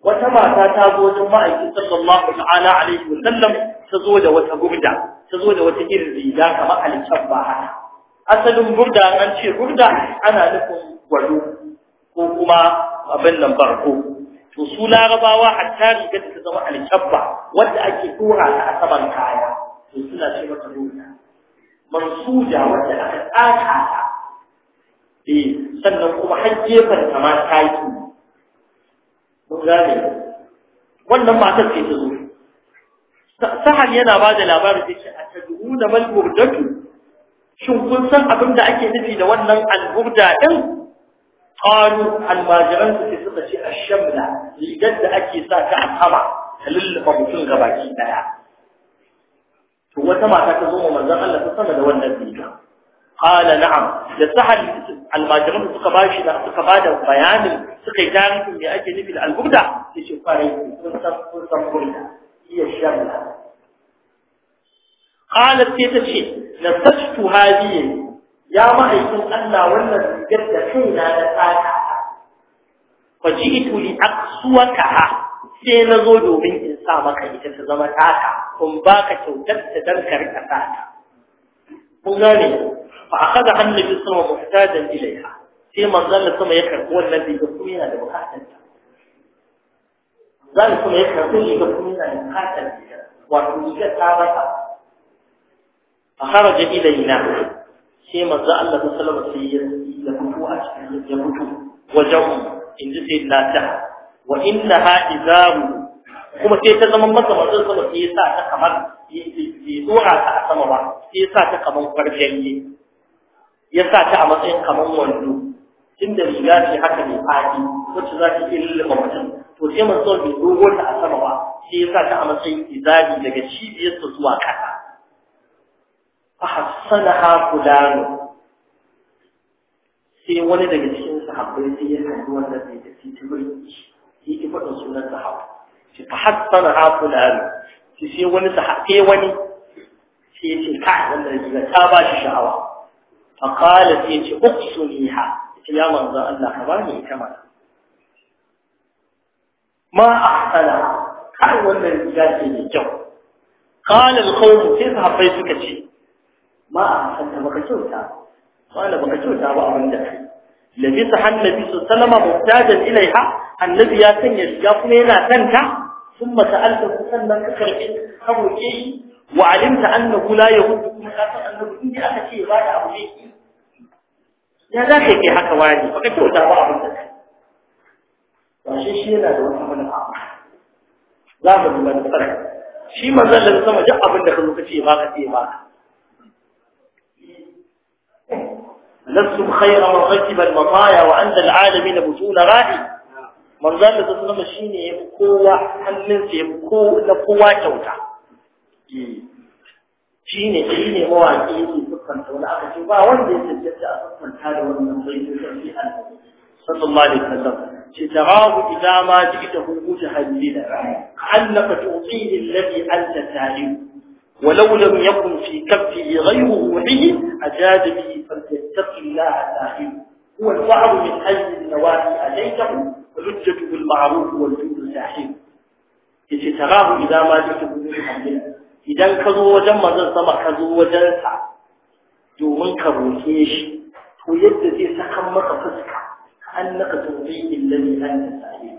wata mata ta zo wajen ma'aikin sallallahu ta'ala alaihi wasallam ta zo da wata burda ta zo da wata irin riga kamar alƙab ba haka asalin gurda an ce gurda, ana nufin gwado ko kuma abin nan barko to su larabawa hatta riga ta zama alkyabba wanda ake tura ta a saman kaya to suna ce mata rota mansuja wanda aka tsaka ta eh sannan kuma har gefen ta ma ta yi mun gane wannan matar ce ta zo sahal yana ba da labarin da ke a tajuna mal murdatu shin kun san abin da ake nufi da wannan al-murda din قالوا الماجران في سقة الشملة لجد أكي ساكا أصحابا تلل فمتن غباكي دايا وتما تكزوم من ذا الله تصمد والنبي قال نعم لسحل الماجران في سقباش سقبادة بيان سقيتان من أجل نبي الألبودة تشفاري تصفر هي الشملة قالت تتشي نسجت هذه ya mahaifin Allah wannan rigar da kaina na da tsaka fa ji'tu li aqsuwakaha sai na zo domin in sa maka ita ta zama taka kun baka kyautar ta dan karka tsaka kun gane fa akhadha annabi sallallahu alaihi wasallam muhtajan ilaiha sai manzon sama ya karbi wannan rigar kuma yana da bukatar ta zan kuma ya karbi da kuma yana da bukatar ta wato rigar ta bata akharaja ilaina sai manzo Allah sallallahu alaihi wasallam ya fito a cikin ya fito wajen inji sai lata wa innaha izaru kuma sai ta zama masa manzo sallallahu alaihi wasallam sai sa ta kamar yi dora ta sama ba sai sa ta kamar farjalle ya sa ta a matsayin kamar wando tunda riga ce haka ne fadi wacce za ta ilma mutum to sai manzo bai dogo ta a sama ba sai ya sa ta a matsayin izari daga cibiyarsa zuwa kasa fahassanaha fulano sai wani daga cikin sahabbai sai ya kalli wannan sai ta ci sai ki faɗin sunan sahabbai sai fahassanaha fulano sai sai wani sahabbai wani sai ya ce ka wannan riga ta ba shi sha'awa fa qala sai ya ce uqsuliha ya manzo Allah ka bani ita ma ma ahsana kai wannan riga ce mai kyau qala al-qawm sai sahabbai suka ce ma a hasanta baka kyauta wala baka kyauta ba abin da labisa hannabi sallama muhtajan ilaiha annabi ya sanya shiga kuma yana kanta thumma sa'alta sannan ka karbi ka roke shi wa alimta annahu la yahuddu kuma ka san annabi in aka ce ba da abu ne ya za ka yi haka wani baka kyauta ba abin da ba shi shi yana da wata manufa za mu duba da shi manzon da sama duk abin da ka zo ka ce ba ka ce ba لستم خيرا ورغب المطايا وعند العالمين بطون راعي من ذا الذي تسلم شيني يبقوا حنن سيبقوا لقوا كوتا شيني شيني هو عزيزي سبحان تولى أخي با وانده سجدت أصفن هذا ومن ضيط صلى الله عليه وسلم تتغاب إذا ما جئته متهللا كأنك تعطيه الذي أنت سائل ولو لم يكن في كفه غير روحه أجاد به فليتق الله الآخر هو الوعد من أجل النواهي عليكم ولجة بالمعروف والجود الساحب yace tarahu idan ma jita gudu hamdina idan ka zo wajen mazan sama ka zo wajen sa domin ka roke shi to yadda zai saka maka fuska annaka tubi illahi anta sahi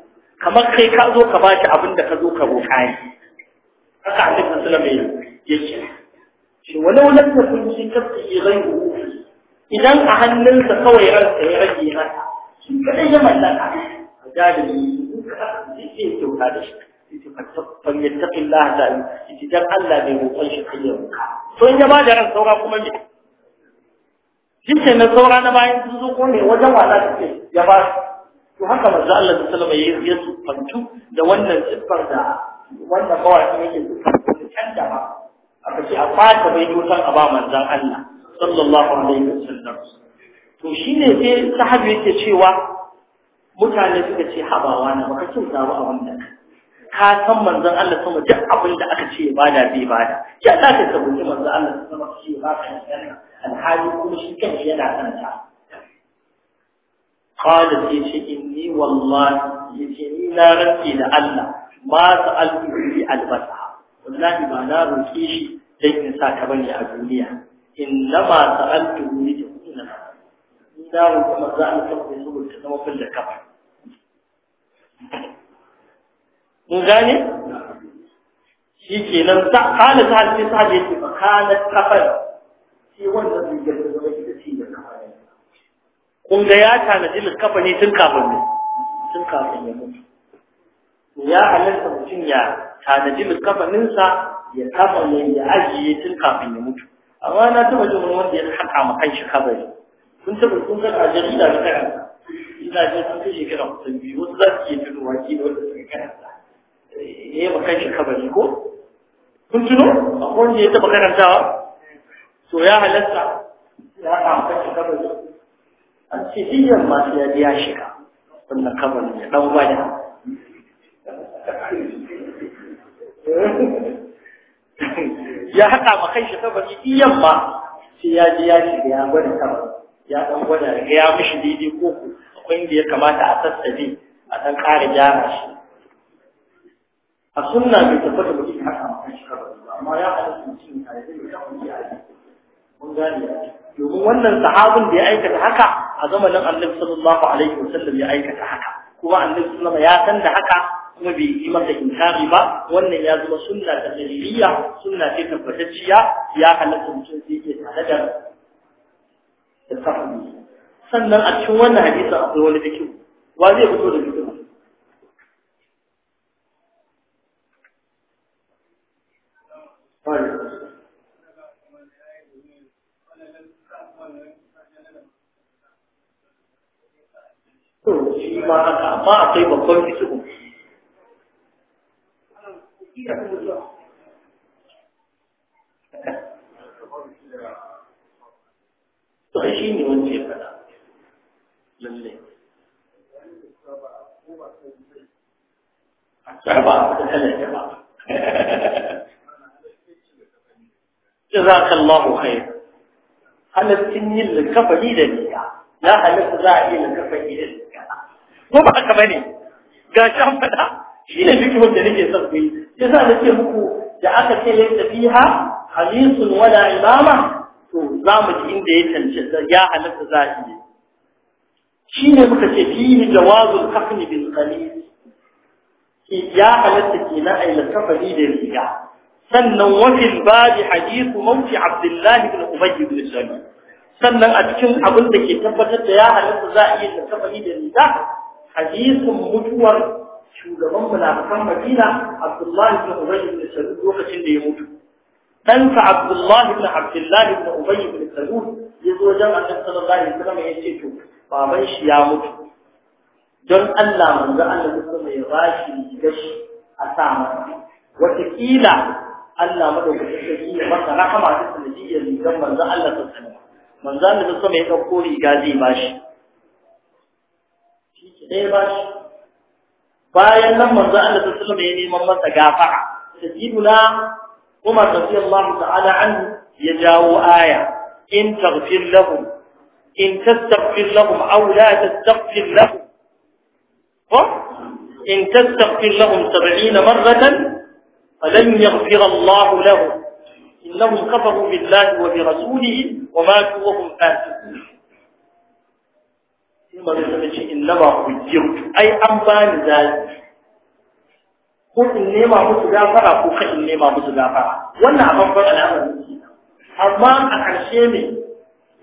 kamar kai ka zo ka bashi abin da ka zo ka roka ya kira shi walau lam takun fi kafsihi ghayruhu idan a hannunsa kawai ransa ya rage mata shi kadai ya mallaka A galibi yake kyauta da shi yake fattafan yattaqi Allah da yake dan Allah bai roƙon shi kai yau to in ya ba da ran saura kuma ne shi ke na saura na bayan sun zo ko ne wajen wala take ya ba to haka manzo Allah sallallahu alaihi wasallam ya fantu da wannan siffar da wannan kawai yake siffar da ba aka ce a fata bai wutan a ba manzan Allah sallallahu alaihi wa wasallam to shi ne sai sahabi yake cewa mutane suka ce habawa na baka kin zabu a wannan. ka san manzan Allah sama duk abin da aka ce ba da bai ba da ya za ka tabbata manzan Allah sama shi ba ka yana alhali kuma shi kan yana san ta qala sai ce inni wallahi yace ni na rantsi da Allah ma sa'altu bi albasa wallahi ba na roƙe shi dan in sa ka bane a duniya inna ma sa'altu li takuna in da kuma za Allah ta kuma saboda ta zama fil da kafa mun gane shi kenan sa kana ta hadisi ta hadisi fa kana kafar shi wannan ga da zama da shi da kafa kun ga ya tanaji kafa ne tun kafin ne tun kafin ya mutu ya halarta mutum ya tanaji likafaninsa ya kafa ne ya ajiye tun kafin ya mutu amma na taba jin wanda ya haƙa ma kanshi kabari kun taba kun ga a jarida da kan ina jin sun kai shekara kusan biyu wasu za su iya tuno waki da wanda suka karanta eh, ya ma kanshi kabari ko kun tuno akwai wanda ya taba karantawa to ya halarta ya haƙa ma kanshi kabari a cikin masu ya biya shiga wannan kabarin ya ɗan gwada ya haɗa ma kai shi sabari iyan ba shi ya ji ya shiga ya gwada sabari ya ɗan gwada ga ya mishi daidai ko ku, akwai inda ya kamata a sassabe a ɗan ƙara gyara shi a sunna bai tabbata mutum haka ma kai shi sabari amma ya halatta mutum ya yi da mutum ya yi mun gane ya domin wannan sahabin da ya aikata haka a zamanin annabi sallallahu alaihi wasallam ya aikata haka kuma annabi sallallahu ya san da haka kuma bai yi masa inkari ba wannan ya zama sunna ta daliliya sunna ce tabbatacciya ya halatta mutum zai iya tare da tsafani sannan a cikin wannan hadisin akwai wani da kyau. wa zai fito da dikin To, shi ma haka, amma akwai babban fitowar kila kuma zuwa to shi ne jazakallahu khair yin likafani da niyya na halatta za a yi likafani da niyya ko ba ka bane ga shi an faɗa shi ne fikihun da nake son ku yi shi sa nake muku da aka ce laysa fiha hadisun wala imama to za mu ji inda ya cancanta ya halatta zahiri shi ne muka ce da jawazul haqni bin qalis ya halatta kenan ai lakafari da riga sannan wafin babi hadithu mawti abdullahi bin ubayy bin salul sannan a cikin abin da ke tabbatar da ya halatta za a iya lakafari da riga hadisin mutuwar shugaban munafikan Madina Abdullahi ibn Ubay ibn Salul lokacin da ya mutu ɗansa Abdullahi ibn Abdullahi ibn Ubay ibn Salul ya zo wajen Annabi sallallahu alaihi wasallam ya ce to baban shi ya mutu don Allah manzo Allah sallallahu alaihi wasallam ya bashi a sa masa wata kila Allah madaukakin sarki ya masa rahama ta sanadiyyar rigar manzo Allah sallallahu alaihi wasallam manzo Allah sallallahu alaihi wasallam ya riga zai bashi shi ke bashi bayan nan manzo Allah sallallahu alaihi wasallam ya neman masa gafara sayyiduna Umar Allah ta'ala anhu ya jawo aya in taghfir lahum in tastaghfir lahum aw la tastaghfir lahum ko in tastaghfir lahum 70 marratan falan yaghfir Allah lahum innahum kafaru billahi wa bi rasulihi wa matu wa hum fasiqun sai manzo ta in nama hujjirtu ai an bani zabi ko in nema musu gafara ko ka in nema musu gafara wannan abin ban al'amarin amma a ƙarshe ne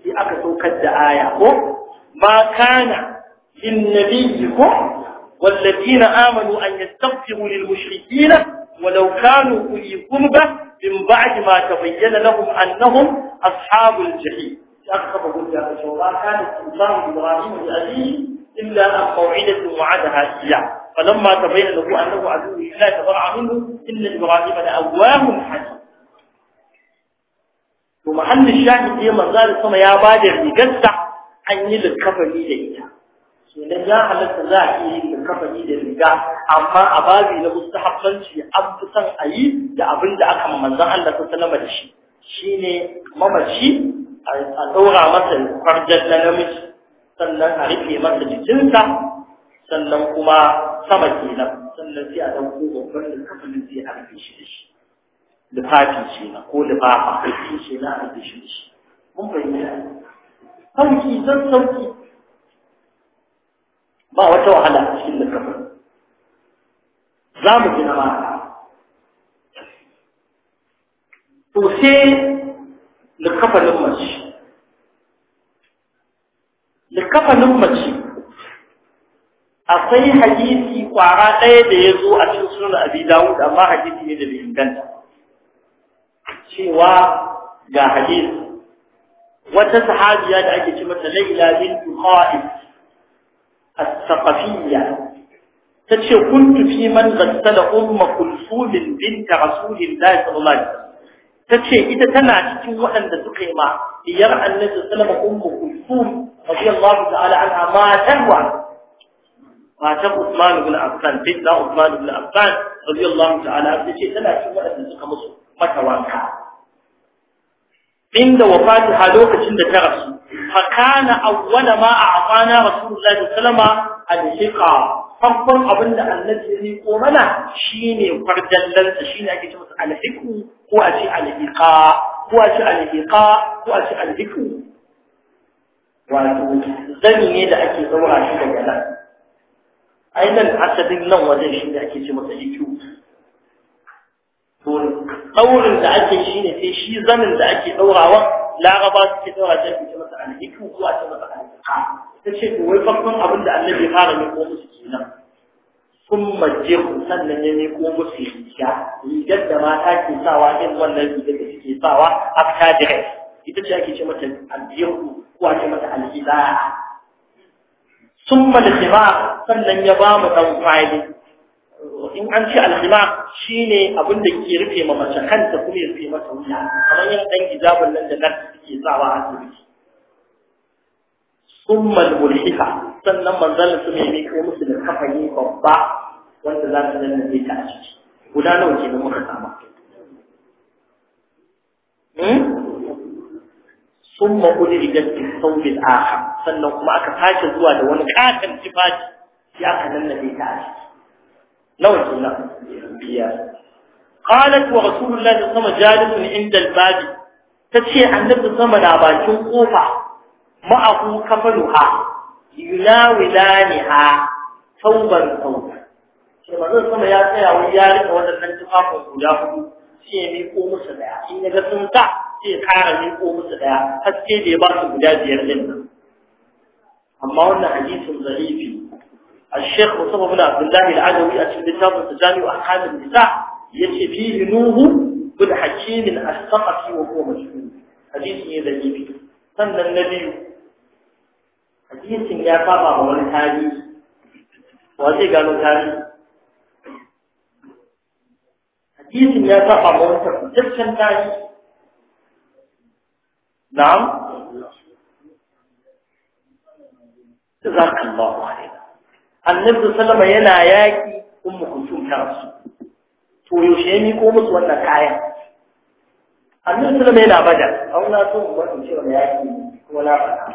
sai aka saukar da aya ko ma kana lin nabiyyi ko والذين آمنوا أن يستغفروا للمشركين ولو كانوا أولي قربى من بعد ما تبين لهم أنهم أصحاب الجحيم أخطب قلت وما كان إنسان إبراهيم لأبيه إلا أن موعدة وعدها إياه فلما تبين له أنه عدو لله تضرع منه إن إبراهيم لأواه حسن ومحل الشاهد هي من ذلك ثم يا بادر بجزع أن يلقف لي لإياه sunan ya halatta za a iya yin kafani da riga amma a babi na mustahabbanci an fi son a yi da abin da aka manzan Allah ta salama da shi shine mamaci a ɗaura masa farjar na namiji sannan a rufe masa jikinsa sannan kuma sama kenan sannan sai a ɗauko babban wanda kafin zai harfe shi da shi lifafi ce na ko lifafa rufe shi na a shi da shi mun fahimta sauki zan sauki ba wata wahala a cikin kafin za mu gina mata to sai likafanin mace likafanin mace akwai hadisi kwara ɗaya da ya zo a cikin sunan abi dawud amma hadisi ne da bai inganta cewa ga hadisi wata sahabiya da ake ce mata laila bint qa'id as-saqafiyya tace kuntu fi man ghassala umma kulsum bint rasulillahi sallallahu alaihi tace ita tana cikin waɗanda suka yi ma diyar annabi sallama ummu kulsum radiyallahu ta'ala anha matan wa matan Usman ibn Affan bidda Usman ibn Affan radiyallahu ta'ala tace tana cikin waɗanda suka musu mata wanka inda wafatiha lokacin da ta rasu fa kana awwala ma a'tana rasulullahi sallama al-shiqa farkon abin da annabi ya riko mana shine fardallansa shine ake ce masa alhikmu ko a ce alhiqa ko a ce alhiqa ko a ce alhikmu wato zani ne da ake daura shi daga nan ai nan asalin nan wajen shi da ake ce masa ikiyu to daurin da ake shine sai shi zanin da ake daurawa laraba suke tsora ta ce masa alhiku ko a ce masa alhiku ta ce to wai farkon abin da annabi fara ne ko musu kenan Kun maje ku sannan ya ne ko musu riga rigar da mata ke sawa irin wannan rigar da suke sawa after dress ita ce ake ce mata alhiku ko a ce mata alhidaya sun jima'a sannan ya ba mu dan kwali in an ce alhima ne abin da ke rufe ma mace kanta kuma ya rufe mata wuya kamar yin dan hijabin nan da nan suke sawa a asibiti summa mulhika sannan manzon su ne miko musu da kafani babba wanda za ta nan ne ta a ciki guda nawa ke muka sama hmm? summa idan bi thawbil akhar sannan kuma aka sake zuwa da wani katon tifati ya kanan ne ta a ciki nawa kenan biyar qalat wa rasulullahi sama jalisun inda albabi tace annabi sama na bakin kofa ma'ahu kafaluha yulawilaniha tauban tauban sai manzo sama ya tsaya wani ya rika wadannan tufafin guda hudu sai ya miko musu daya in ya ga sun ta sai ya kara miko musu daya har sai da ya ba su guda biyar din amma wannan hadisin zarifi الشيخ مصطفى بن عبد الله العدوي اسم الكتاب التجاني وأحكام النساء يجي فيه نوه حكي من الثقفي وهو مجنون حديث إيه بي فن النبي حديث يا بابا هو الحالي وهذه قالوا الحالي حديث يا بابا هو الحالي نعم جزاك الله خير annabi sallama yana yaki ummu kulsum ta rasu to yaushe ni ko musu wannan kayan annabi sallama yana bada an na so mu wani cewa yaki kuma na faɗa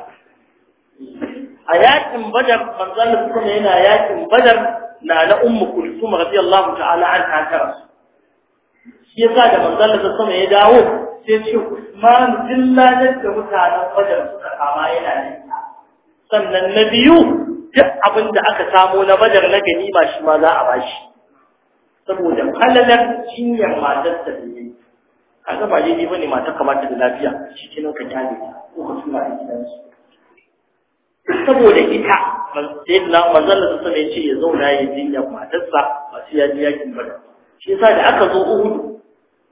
a yakin badar manzon kuma yana yakin badar na na ummu kulsum radiyallahu ta'ala anha ta rasu shi yasa da manzon sallama sama ya dawo sai ce Usman dillalar da mutanen badar suka kama yana ne sannan na biyu duk abin da aka samo na badar na ganima shi ma za a bashi saboda halalar jinyar matar da ne a gaba ne ba ne mata kamata da lafiya shi kenan ka kyale ko ka suna a gidansu saboda ita sayyidina manzon da suka ce ya zauna ya jinya matarsa masu yaji yakin bada shi yasa da aka zo uhudu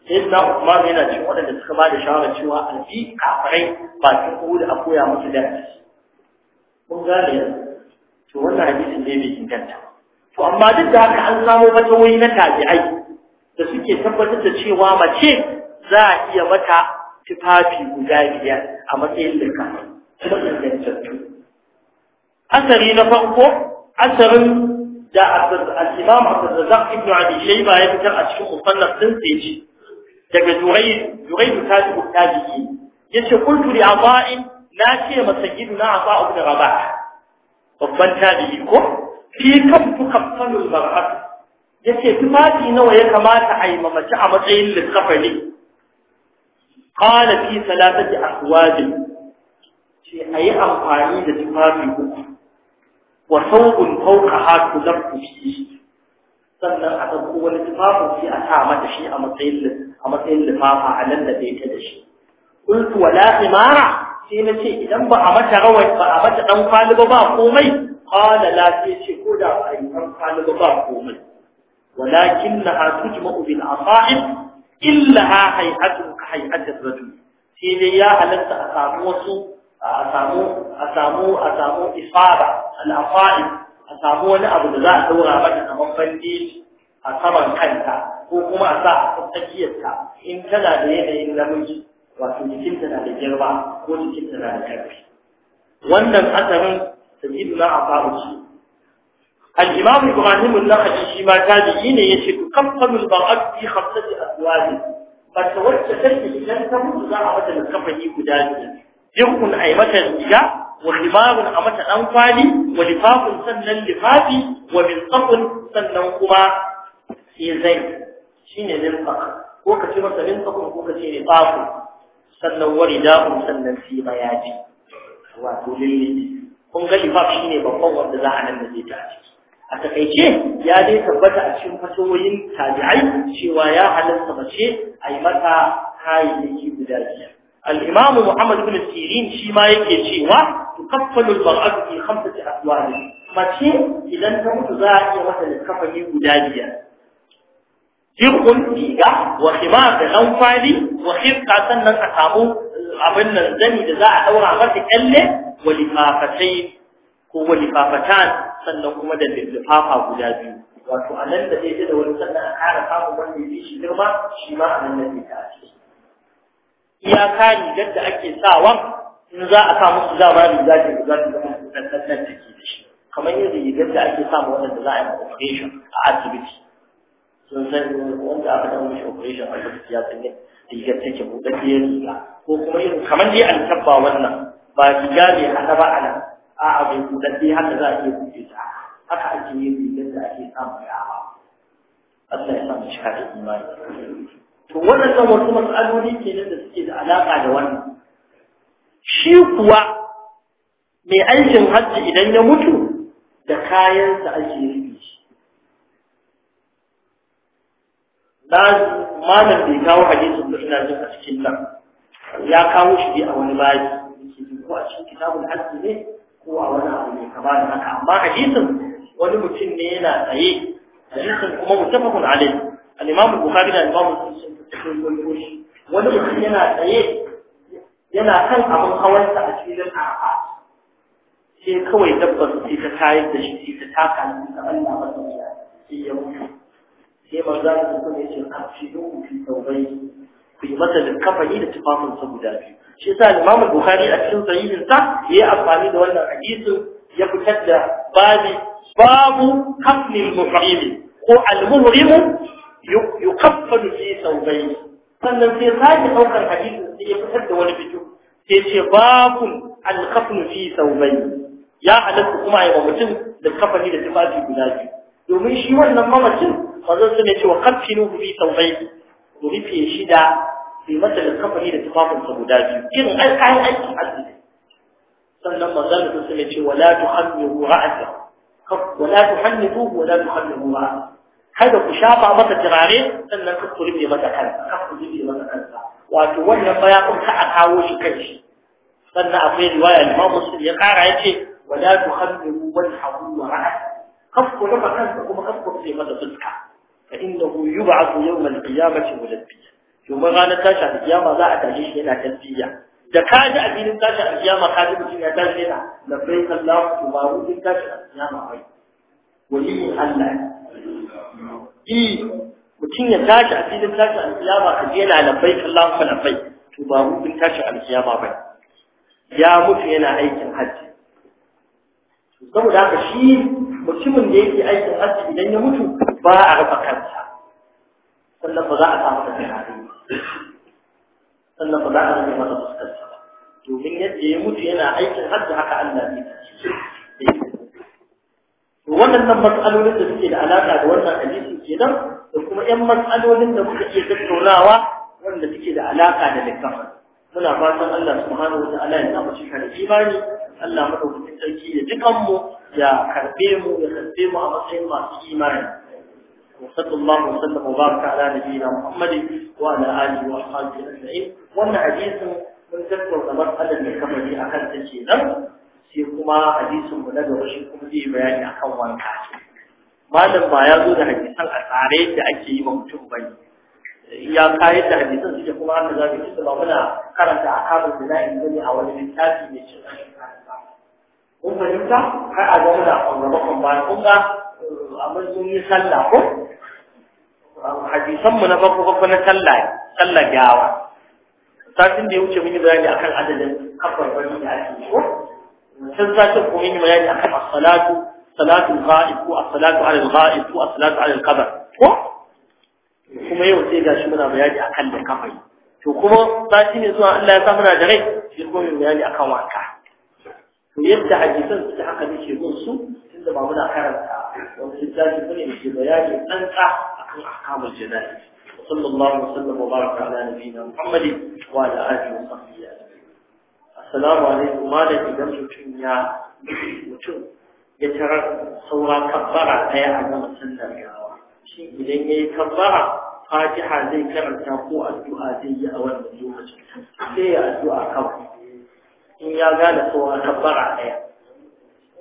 sayyidina Usman yana cin waɗanda suka ba da shawara cewa albi kafirai ba su uhudu a koya musu darasi mun gane yanzu to wannan hadisin ne bai inganta to amma duk da haka an samu wai na tabi'ai da suke tabbatar da cewa mace za a iya mata tufafi guda biyar a matsayin lirka kuma asari na farko asarin da al-imam Abdurrazzaq ibn Abi Shayba ya fitar a cikin musannaf din sai ce daga Jurayd Jurayd tabi'u tabi'i yace kuntu li Aba'in na ce masajiduna Aba'u da Rabah babban tabi'i ko fi kan tukaffanul bar'at yace tufafi nawa ya kamata a yi mace a matsayin likafani qala fi salatati aswaj ce ayi amfani da tufafi uku wa thawbun fawqaha tulabbu fihi sannan a dauko wani tufafin sai a sa mata shi a matsayin a matsayin lifafa a nan da bai ta da shi qultu wala imara sai na ce idan ba a mata rawar ba a mata ɗan kwali ba ba komai qala la ce ko da a yi ɗan kwali ba ba komai walakinnaha a bil asa'ib illaha hay'atu ka hay'ati rajul sai dai ya halatta a samu wasu a samu a samu a samu al a samu wani abu da za a daura mata kamar bandeji a saman kanta ko kuma a sa a tsakiyarta in tana da yanayin namiji wato jikinta na da girma ko cikin tana da ƙarfi wannan asarin sabidu na afa'u ce al-imam ibrahim al-lakhdi shi ma tabi'i ne yace tukaffanu al-bar'at fi khamsati azwaj fa tawajja take idan ta mutu za a mata kafani guda ne yankun ay mata riga wa khimarun a mata dan kwali wa lifafun sannan lifafi wa min sannan kuma sai zai shine linfa ko ka ce masa linfa ko ka ce lifafu sannan warida um sannan si bayaji wato lilli kun ga lifaf shine babban wanda za a nan da zai ciki. a takaice ya dai tabbata a cikin fasohoyin tabi'ai cewa ya halatta mace a yi mata kayayyaki guda biyar al-imamu muhammad ibn sirin shi ma yake cewa tukaffalu al-bar'at fi khamsati aswar mace idan ta mutu za a iya mata kafani guda biyar Jirgin riga wa khimar da ɗanfali wa khifka sannan a samu abin nan zani da za a ɗaura masa kyalle wa lifafatai ko wa lifafatan sannan kuma da lifafa guda biyu wato a nan da zai da wani sannan a ƙara samun wanda ya fi shi girma shi ma a nan da zai ta ce iyaka rigar da ake sawa in za a sa musu dama riga ce za ta zama ɗanɗan take da shi kamar yadda rigar da ake sa waɗanda za a yi operation a asibiti sun san wanda aka dawo mishi operation a lokaci ya sanya rigar take buɗaɗɗiyar riga ko kuma irin kamar dai alkabba wannan ba riga ne hana ba a nan a bai buɗaɗɗe haka za a iya buɗe ta haka ake yin rigar da ake samu yawa Allah ya sa mu shiga da imani to waɗannan wasu matsaloli nan da suke da alaƙa da wannan shi kuwa mai aikin hajji idan ya mutu da kayansa ake yi malam bai kawo hadisin da ina jin a cikin nan ya kawo shi a wani bayi yake ko a cikin kitabul hadisi ne ko a wani abu ne kama da haka amma hadisin wani mutum ne yana tsaye hadisin kuma mutafakun alai al-imam bukhari da imam muslim sun ko shi wani mutum yana tsaye yana kan abin hawarsa a cikin arafa sai kawai dabbar su ta kayar da shi ta taka da Allah ba sai ya mutu sai manzo Allah kuma yace afshidu fi tawbai ku yi masa likafani da tufafin sa guda biyu shi sa Limamin Bukhari a cikin sahihin sa yi amfani da wannan hadisin ya fitar da babi babu kafnil muhrim ko ya kafa yukaffanu fi tawbai sannan sai sake ɗaukar hadisin sai ya fitar da wani fito sai ce babu al fi tawbai ya halatta kuma ya mutum da kafani da tufafi guda biyu domin shi wannan mamacin manzon sun ce wa kafinu fi tawbai ku rufe shida, da bi masa da kafani da tufafin sa guda biyu irin alƙayin aiki azumi sannan manzon sun sun ce wala tuhammihu ra'sa wala tuhammihu wala tuhammihu ra'sa kada ku shafa masa turare sannan ku rufe masa kansa ku rufe masa kansa wato wannan bayanin ka a kawo shi shi. sannan akwai riwaya Imam Muslim ya kara yace wala tuhammiru wajhahu wa ra'ahu kafku da kansa kuma kafku rufe masa fuska فإنه يبعث يوم القيامة ملبيا يوم غانا تاشا القيامة لا أتعيش هنا تلبية da ka ji abinin tashi a kiyama ka ji mutum ya tashi yana labbai Allah ku ba wurin tashi a kiyama bai wani waliyin Allah i mutum ya tashi a filin tashi a kiyama ka ji yana labbai Allah ku labbai to ba wurin tashi a kiyama bai ya mutu yana aikin hajji saboda haka shi mutumin da yake aikin hajji idan ya mutu ba a rufe kanta, sannan ba za a samu tafiya sannan ba za a rufe masa fuskarsa ba domin yadda ya mutu yana aikin hajji haka Allah ne waɗannan matsalolin da suke da alaƙa da wannan hadisi kenan da kuma ƴan matsalolin da muka iya tattaunawa wanda suke da alaƙa da littafin muna fatan Allah subhanahu wa ta'ala ya samu cika da imani Allah madaukakin sarki ya jikan mu ya karbe mu ya karbe mu a matsayin masu imani وصلى الله وسلم وبارك على نبينا محمد وعلى اله واصحابه اجمعين wannan hadisin mun tattauna matsalar da kamar yi akan ta kenan sai kuma hadisin mu na gaba shi kuma zai bayani akan wanka malam ba ya zo da hadisan a tsare da ake yi wa mutum bai. ya kayar da hadisan suke kuma haka za mu ci muna karanta a kabin da na'in gani a wani littafi mai cin ashirin kun fahimta kar a zama da kwamramakon baya kun ga eh, a sun yi sallah ko mu na farko farko na sallah sallah gyawa satin da ya wuce mun yi bayani akan adadin kafar bari da ake ko sun satin ko mun yi bayani akan as-salatu salatu al-ghaib ko as-salatu ala al-ghaib ko as-salatu al-qadar ko kuma yau sai gashi muna bayani akan da kafai to kuma sati ne zuwa Allah ya sa muna da rai sai kuma mu bayani akan wanka to yadda hadisan suke haka nake bin su tunda ba muna karanta wani littafi bane da ke bayani ɗan ɗa akan ahkamul jana'i sallallahu alaihi wasallam wa baraka ala nabiyina muhammad wa ala alihi wa sahbihi assalamu alaikum malam idan mutum ya mutum ya tarar saura kabbara ɗaya a gama sallar gawa shi idan yayi yi kabbara fatiha zai karanta ko addu'a zai yi a wannan lokacin sai ya addu'a kawai in ya gane kowa kafara ɗaya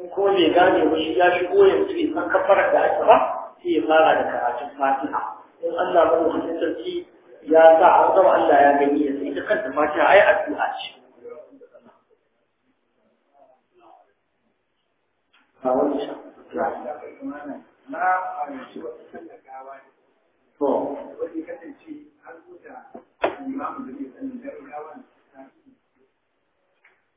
in ko bai gane ba ya fi ya mutu kan san da ake ba sai ya fara da karatun fatiha in Allah ba wani sarki ya sa an zama Allah ya gani ya sai ta kanta fatiha ai addu'a ce. To. Wani ne, wani kasance har kuta imamu da ke sanin jarumawan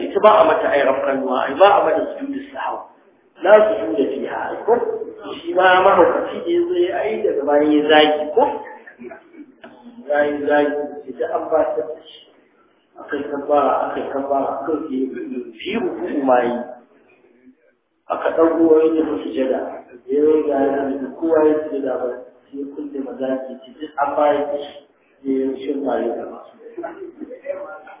ita ba a mata ai rafkanuwa ai ba a mata su judu sahau la su juda fiha ko shi ma mahaukaci da yazo ya ai daga bayan ya zagi ko yayi zagi ita an ba ta shi akai kabbara akai kabbara akai ke fi ruku mai aka dauko wani da su jada yayi ga yana kowa ya ce da ba sai kulle mazaki ci duk an ba ya shi ne shin ba ya ba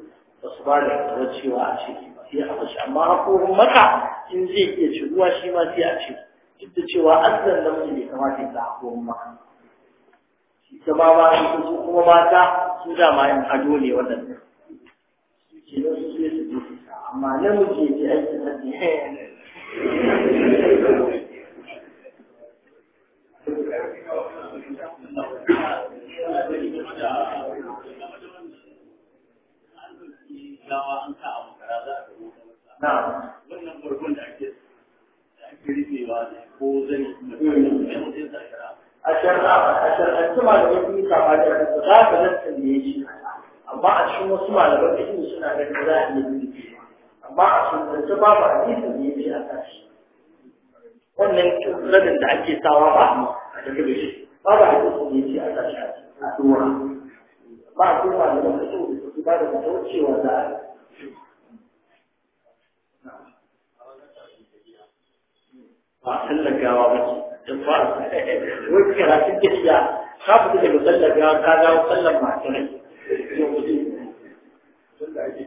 ba su ba da kuma cewa a ce ba sai a bashi amma hakorin maka in zai iya ciruwa shi ma sai a ce duk da cewa asalin namiji bai kamata ya hakorin maka shi ta ba ba su kuma mata su dama yin ado ne waɗanda su ke nan su sai su je amma namiji ya je aiki hajji Thank you. gaggawa an sa abu kara za a gabo da masa wannan bargon da ake da ake rufewa ne ko zani da kuma yanzu zai zagara a shari'a a shari'antu malamai sun yi kama da kansu za ka lantar ne shi amma a cikin wasu malaman da ilimi suna ganin za a iya rufe amma a sunanta babu hadisin da ya ce a tashi wannan zanin da ake sawa ba a daga da shi babu hadisin da ya ce a tashi a tura ba a tura da wani su ba da kaucewa za a tallagawa ba ce in ba wani ka daga tallagawa ka dawo masu ake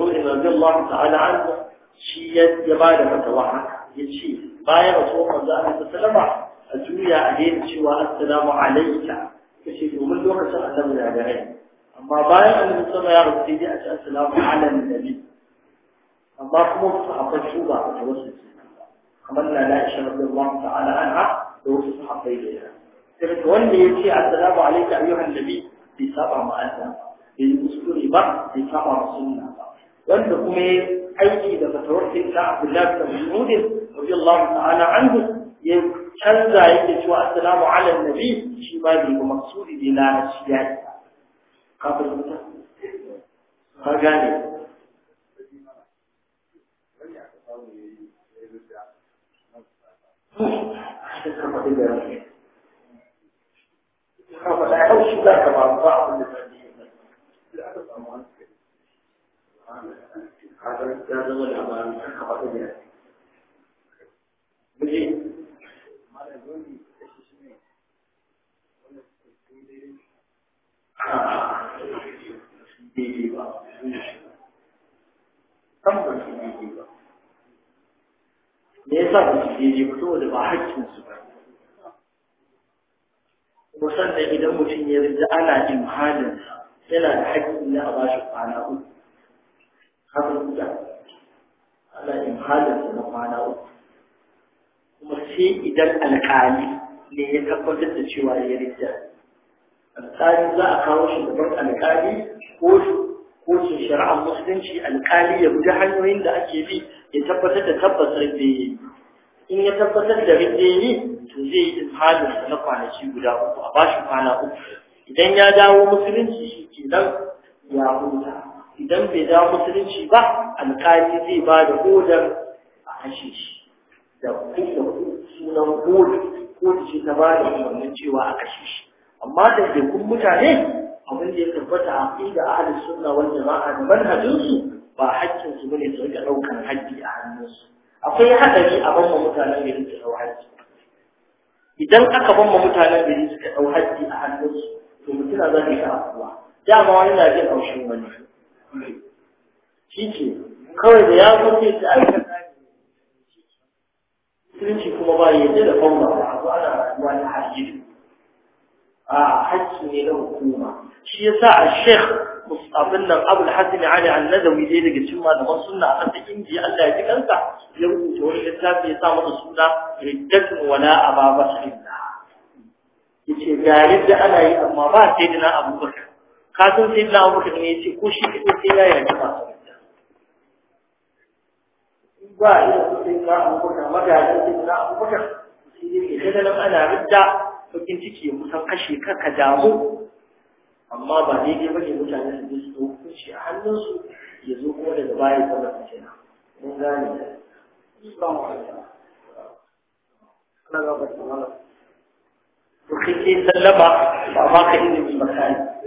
kira masu ta'ala shi ya ba da mata haka ya ce bayan rasuwar manzo Allah ta salama a juya a daina cewa assalamu alaika ta ce domin lokacin annabi na da rai amma bayan annabi sama ya rasu sai a ce assalamu ala nabi amma kuma su sahabbai su ba a wasu kamar na na isha radiyallahu ta'ala anha da wasu sahabbai da yawa sai wanda ya ce assalamu alaika ayyuhan nabi bai saba ma Allah bai kuskure ba bai saba ma sunna ba wanda kuma aiki da fatawar sayyidina Abdullah bin Mas'ud radiyallahu ta'ala anhu ya canza yake cewa assalamu ala nabi shi ma bai ga maksudi da lalaci ya yi kafin mutum ka gane ka faɗa haushi za ka ba ba abin da zai yi هذا هذا هو الأمان حقق بها مجيء tabbas daidai ba me ba su saboda ba haƙƙinsu ba idan mutum ya rinda ana jin halinsa yana da haƙƙi na a ba shi kwana uku kafin guda ana yin halin na kwana uku kuma sai idan alƙali ne ya tabbatar da cewa ya rija alƙali za a kawo shi gaban alƙali ko kotun shari'ar musulunci alƙali ya guji hanyoyin da ake bi ya tabbatar da tabbatar da yi in ya tabbatar da rija yi to zai yi halin na kwanaki guda uku a bashi kwana uku idan ya dawo musulunci shi ke nan ya huta idan bai da musulunci ba alƙali zai ba da hodar a kashe shi da kuma sunan hodar ko da shi ta ba da wannan cewa a kashe shi amma da kun mutane abin da ya tabbata a da ahalin wanda wal jama'a da manhajinsu ba haƙƙin su bane su rika ɗaukar haƙƙi a hannunsu akwai haɗari a bamma mutanen da suka ɗau haƙƙi idan aka bamma mutanen da suka ɗau haƙƙi a hannunsu to mutuna za ka yi ta afuwa dama wani na jin haushin wani shi ce kawai da ya kwace ta aikata musulunci kuma ba yadda da famba ba a zuwa rayuwa na hajji a hajji ne na hukuma shi ya sa a sheikh abin nan abul hasan ali annadawi dai daga cikin malaman suna a kasar indiya Allah ya ji kansa ya rubuta wani littafi ya sa masa suna riddatun wala a aba Ya ce ga yadda ana yi amma ba sai dina abubakar kasan sai na abubakar ne ya ce ko shi kuma sai ya yanki masu rinta ba a yi da sai na abubakar magajin sai na abubakar sai ya ke tattalin ana rinta bakin ciki ya kusan kashe ka damu amma ba daidai ba ne mutane su je su zo hukunci a hannunsu ya zo kuma daga baya ya zama fitina mun gane Assalamu alaikum. Kana ga ba ta mala. To kike sallama ba ma ka ilimi ba kai.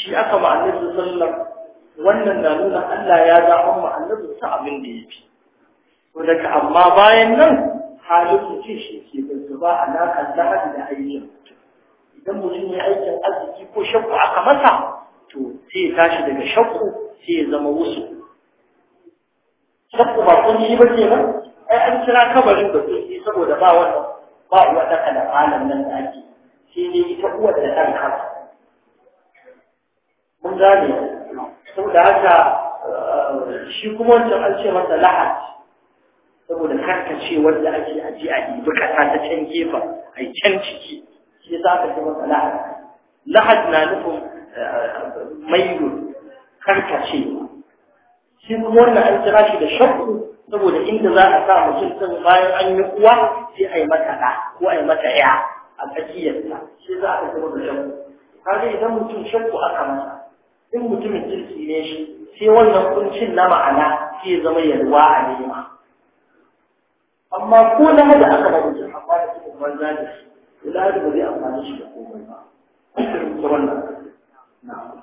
shi aka ma sallar, sallar wannan na nuna Allah ya zaɓa ma annabi ta abin da ya fi wanda amma bayan nan halin mutum shi ke zazzuba a da hadu da aikin idan mutum ya aikin arziki ko shakku aka masa to sai ya tashi daga shakku sai ya zama wasu shakku ba kun yi ba ke nan ai an kira kabarin da kuke saboda ba wannan ba uwa ta da malam nan da ake sai ne ita uwar da ɗan kasa mun gane saboda haka eh, shi kuma wancan an ce masa lahat saboda karkace wanda ake aji a ibi kasa ta can gefen a can ciki shi za ka ce masa lahat lahat na nufin eh, mailu karkacewa shi kuma wannan an kira shi da shakku saboda inda za a sa mutum din bayan an yi uwa sai a yi mata ɗa ko a yi mata ya a tsakiyarsa shi za a ga da shakku kaga idan mutum shakku aka masa in mutumin kirki ne shi sai wannan kuncin na ma'ana sai zama yalwa a nema amma ko na hada aka ba mutum amma da cikin banza da shi ila da ba zai amfani shi da komai ba ta wannan na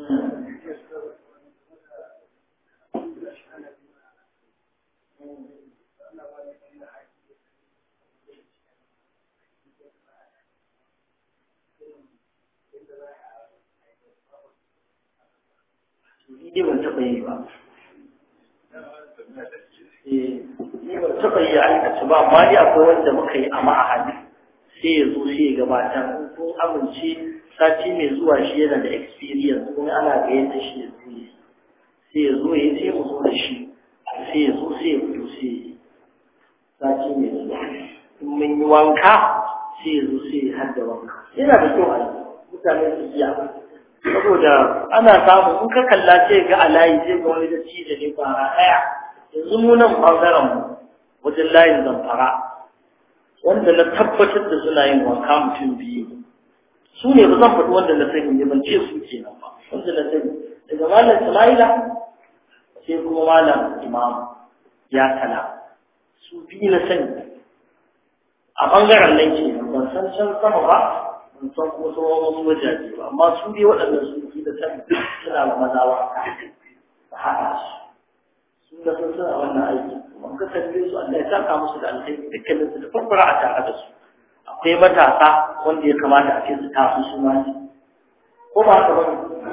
Thank hmm. you. ni ban taɓa yi ba eh, ni ban taɓa yi ba akwai wanda muka yi a ma'ahadi sai ya zo sai ya gabatar amince sati mai zuwa shi yana da experience ana shi ya zo sai ya zo ya zo da shi sai ya zo sai ya sai sati mai zuwa mun yi wanka sai ya zo sai ya wanka yana da kyau a saboda ana samu in ka kalla ce ga alayi zai ga wani da ne a daya yanzu mu nan bangaren mu wajen layin zamfara wanda na tabbatar da suna yin wanka mutum biyu su ne ba zan faɗi wanda na sani ne ban ce su ke nan ba wanda na sani daga malam sama'ila sai kuma malam imam ya tala su biyu na sani a bangaren nan ke ban san can sama ba in san kuma sauran wasu wajaje ba amma su dai waɗannan su fi da san suna ma maza wa su haɗa su sun da sun suna wannan aiki kuma ka tambaye su Allah ya saka musu da alheri dukkanin su da farfara a tare da su akwai matasa wanda ya kamata a ce su tafi su ma ko ba ka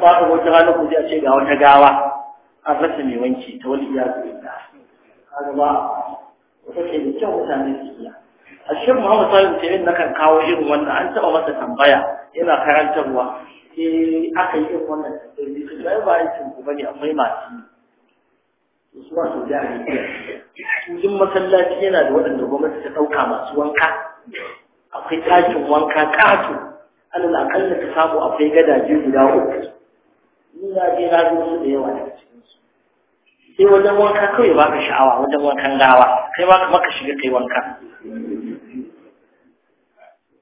ba ka wata rana ku a ce ga wata gawa an rasa mai wanki ta wani iya zuwa kaga ba wata ce da kyau mutane su iya a cikin Muhammad Salim Tayyib na kan kawo irin wannan an taɓa masa tambaya yana karantarwa sai aka yi irin wannan tambayoyi su dai ba aikin ku bane akwai masu to su wasu da ne cikin masallaci yana da waɗanda gwamnati ta ɗauka masu wanka akwai takin wanka ƙato alal aƙalla ta samu akwai gadaje guda uku ni na je na zo su da yawa daga cikinsu sai wajen wanka kawai ba ka sha'awa wajen wankan gawa kai ma maka shiga kai wanka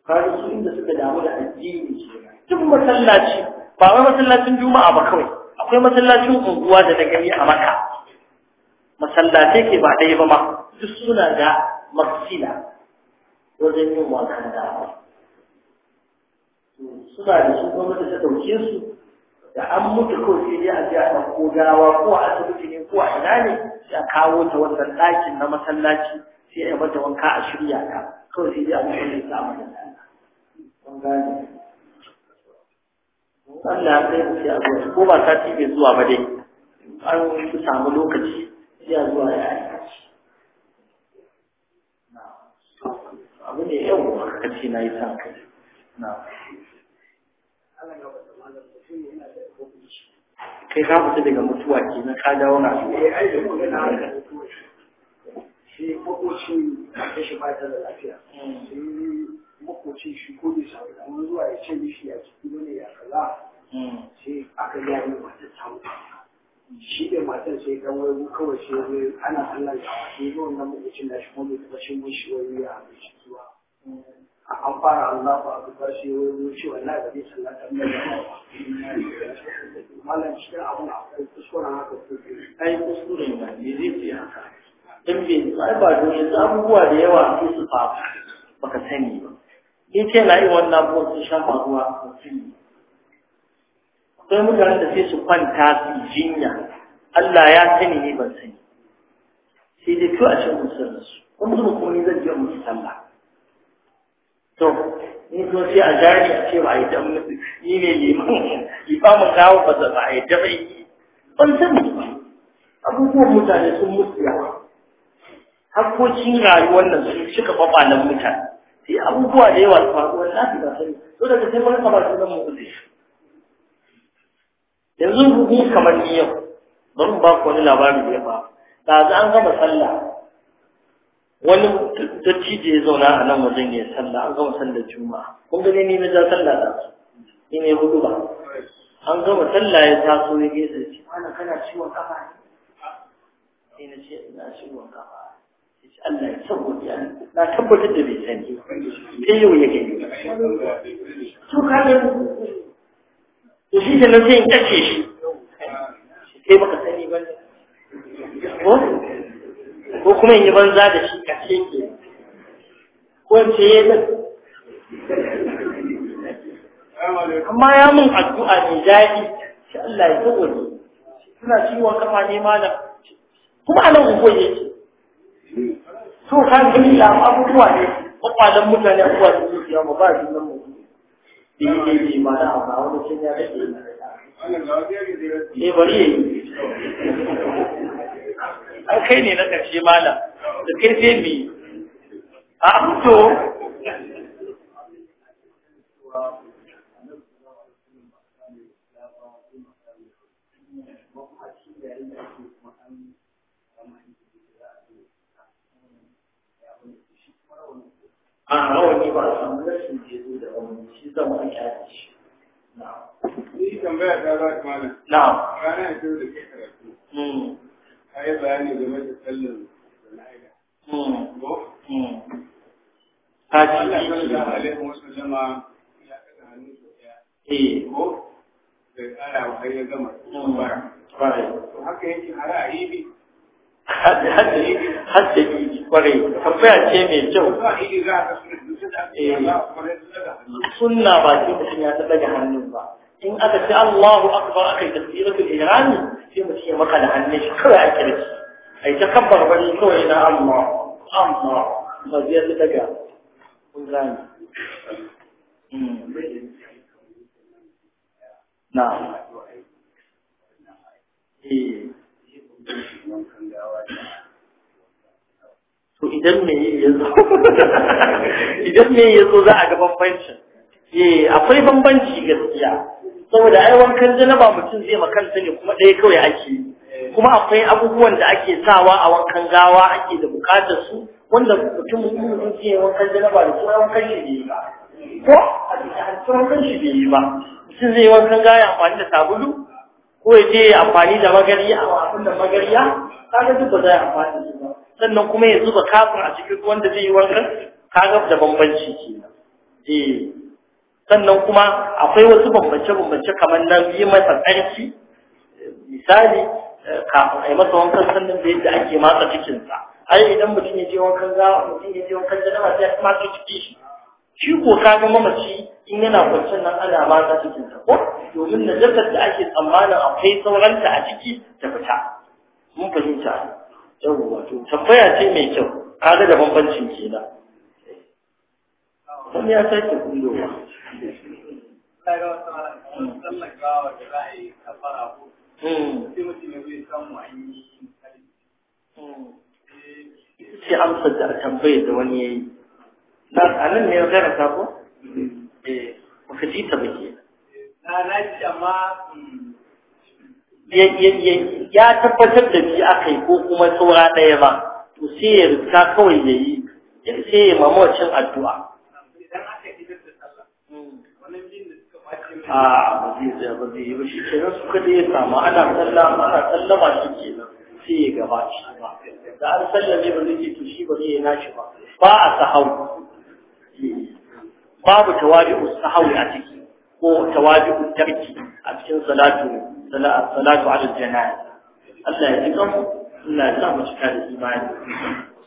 kaji su inda suka damu da addini duk masallaci ba wai masallacin juma'a ba kawai akwai masallacin unguwa da ta gani a maka Masallace ke ba ɗaya ba ma duk suna da maksila wajen yin wankan da suna da su da ta dauke su da an mutu kawai sai dai a ji a ko gawa ko a asibiti ne ko a ina ne sai a kawo ta wannan ɗakin na masallaci sai a mata wanka a shirya ta kawai sai ya abin da ko ba ta bai zuwa ba dai an su samu lokaci ya zuwa ya aikaci abu ne yau aka ce na yi sa na kai ka fita daga mutuwa kenan ka dawo na su sai makoci da shi ba ta da lafiya sai makoci shi ko bai samu damar zuwa ya ce mishi ya ciki wani ya kaza sai aka ya yi matar samu shi da matar sai ga wani kawai sai wai ana Allah ya wasu zuwa wannan makocin da shi ko bai taɓa cin mishi wai ya abinci zuwa an fara Allah ba abu ba shi wai wai ce wallahi ba zai sallata mai da ba malam cikin abun akwai kuskuren haka ko ai kuskuren ba ne zai ce haka don bai tsaye ba don yanzu abubuwa da yawa sai su faru baka sani ba in ce na yi wannan abubuwan sun sha faruwa ba sani akwai mutanen da sai su kwanta su jinya Allah ya sani ne ban sani sai dai kyau a cikin musulun su kuma zuwa kuma ni zan je musu sallah to ni so sai a jari a ce ba a yi dan musu ni ne liman limamin gawo ba za a yi dafa ban sani ba abubuwan mutane sun mutu yawa hakkokin rayuwar nan sun cika nan mutane sai abubuwa da yawa faru wallahi ba sai so daga sai mun kaba sunan mu kudi yanzu ni kamar ni yau ban ba ku wani labari da ba da za an gama sallah wani dattijo ya zauna a nan wajen ya sallah an gama sallar juma'a kun gane ni na ja sallah da su ni ne hudu ba an gama sallah ya taso ya gesa ya ce kana ciwon kafa ne sai na ce ina ciwon kafa Allah ya saboda ya na tabbatar da bai sani sai yau ya gani to ka ga to shi da nan sai in kace shi kai baka sani ba ko ko kuma in yi banza da shi kace ke ko ce ya nan amma ya mun addu'a ne daɗi sai Allah ya saboda suna ciwon kama ne malam kuma anan ugo yake so ka gani ya abubuwa ne kwakwalen mutane abubuwa da su ya ba su nan mu da eh, eh, eh, yi ne ma na a wani bari yi an kai ne da kai sai a a rawani ba a samu rashin da ya zo da rawani shi zama a kyara shi ni tambaya ta za ka mana na rana ya da ke karatu hmm. ka yi bayani game da sallar zana'ida hmm. ko hmm. ta ci ne shi da alaihi wasu jama ya kada hannu ya ɗaya eh. ko da ƙara wa har ya gama kuma bara haka yake har a yi biyu? haddadi kwarai tambaya ce mai kyau eh, sunna ba ce mutum ya taɓa da hannun ba in aka ce Allahu akbar aka yi da ihrami sai mutum ya maka da hannun shi kawai ake da shi ai ta kabbar bari kawai na Amma Allah ba zai ta daga kun hmm. na to idan me ya zo [LAUGHS] idan me ya zo za a ga bambanci eh akwai bambanci gaskiya saboda ai wankan janaba mutum zai kanta ne kuma ɗaya kawai ake kuma akwai abubuwan da ake sawa a wankan gawa ake da bukatar su wanda mutum mun zai wankan janaba da kuma wankan shi bai ba ko a wankan shi bai ba mutum zai wankan gaya amfani da sabulu ko ya je amfani da magariya a abin da magariya kaga duk ba zai amfani da ba sannan kuma ya zuba kafin a cikin ruwan da zai yi wankan kaga da bambanci kenan eh sannan kuma akwai wasu bambance-bambance kamar nan yi masa tsarki misali eh, kafin a yi masa wankan sannan da yadda ake matsa cikinsa ai idan mutum ya je wankan gawa mutum ya je wankan janaba sai matsa ciki shi shi ko kaga mamaci in yana kwancin nan ana matsa cikinsa ko domin najasar da ake tsammanin akwai sauranta a ciki ta fita mun fahimta yawwa to tambaya ce mai kyau kaga da bambancin kenan wani ya sake kullowa hmm. ce amsa da tambayar da wani ya yi a nan ne ya gara sabo? eh ba ka ji ta ba ke na na ji amma hmm, ya tabbatar da biyu aka yi ko kuma saura ɗaya ba to sai ya riska kawai ya yi sai ya mamacin addu'a a ba zai zai ba zai yi ba shi kenan su kada ya samu ana sallama ana sallama shi kenan sai ya gaba shi ba da an sallame ba zai to shi ba zai yi nashi ba ba a sahau babu tawabi'u sahau a ciki ko tawabi'u tarki a cikin salatu salatu ala janaza Allah ya ji kan Allah ya sa mu cika da imani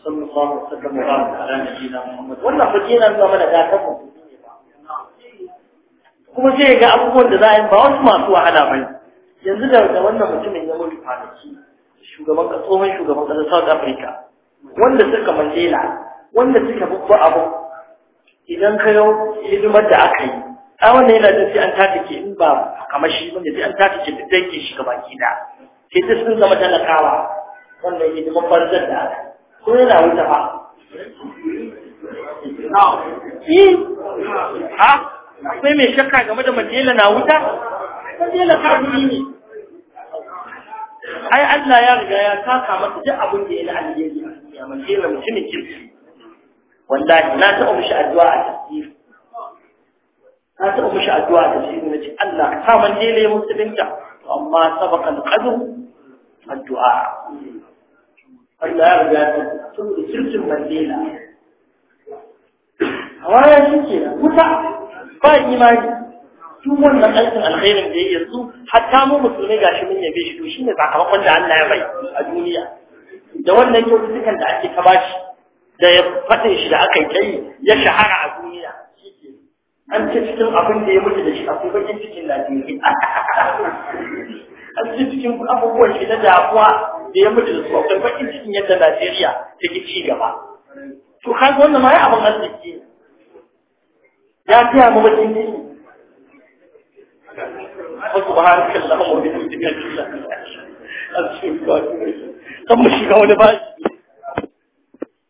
sallallahu alaihi wasallam wa ala Muhammad wannan fa yana nuna mana da kan kuma sai ga abubuwan da za a yi ba wasu masu wahala bane yanzu da wannan mutumin ya mutu kwanaki shugaban tsohon shugaban ƙasar South Africa wanda suka Mandela wanda suka abu idan ka hidimar da aka yi a wannan yana da sai an ke in ba kamar shi wanda sai an tatake duk dangin shi gaba ki da sai duk sun zama talakawa wannan yake da babbar da ko yana wuta fa ha akwai mai shakka game da majela na wuta majela kafiri ne ai Allah ya riga ya saka masa duk abin da ya na alheri ya majela mutumin kirki wallahi na ta umshi addu'a a tasiri na taɓa mishi addu'a da shi na ce Allah ka sa man dele musulunta amma sabaka alqadr addu'a Allah ya riga ta saboda sirrin mandela hawaya shi ke wuta ba imani duk wannan aikin alkhairin da ya yanzu hatta mu musulmai gashi mun yabe shi to shine sakamakon da Allah ya bai a duniya da wannan kyautukan da ake ta bashi da ya faɗin shi da aka yi ya shahara a duniya an ce cikin abin da ya mutu da shi akwai bakin cikin Najeriya an ce cikin abubuwan shi na damuwa da ya mutu da su akwai bakin cikin yadda Najeriya take ci gaba to kan wannan ma ya abin arziki ya fiya mu bakin ciki subhanakallahumma ba bihamdika ashhadu an la ilaha illa anta cikin wa atubu ilayk kan mu shiga wani bashi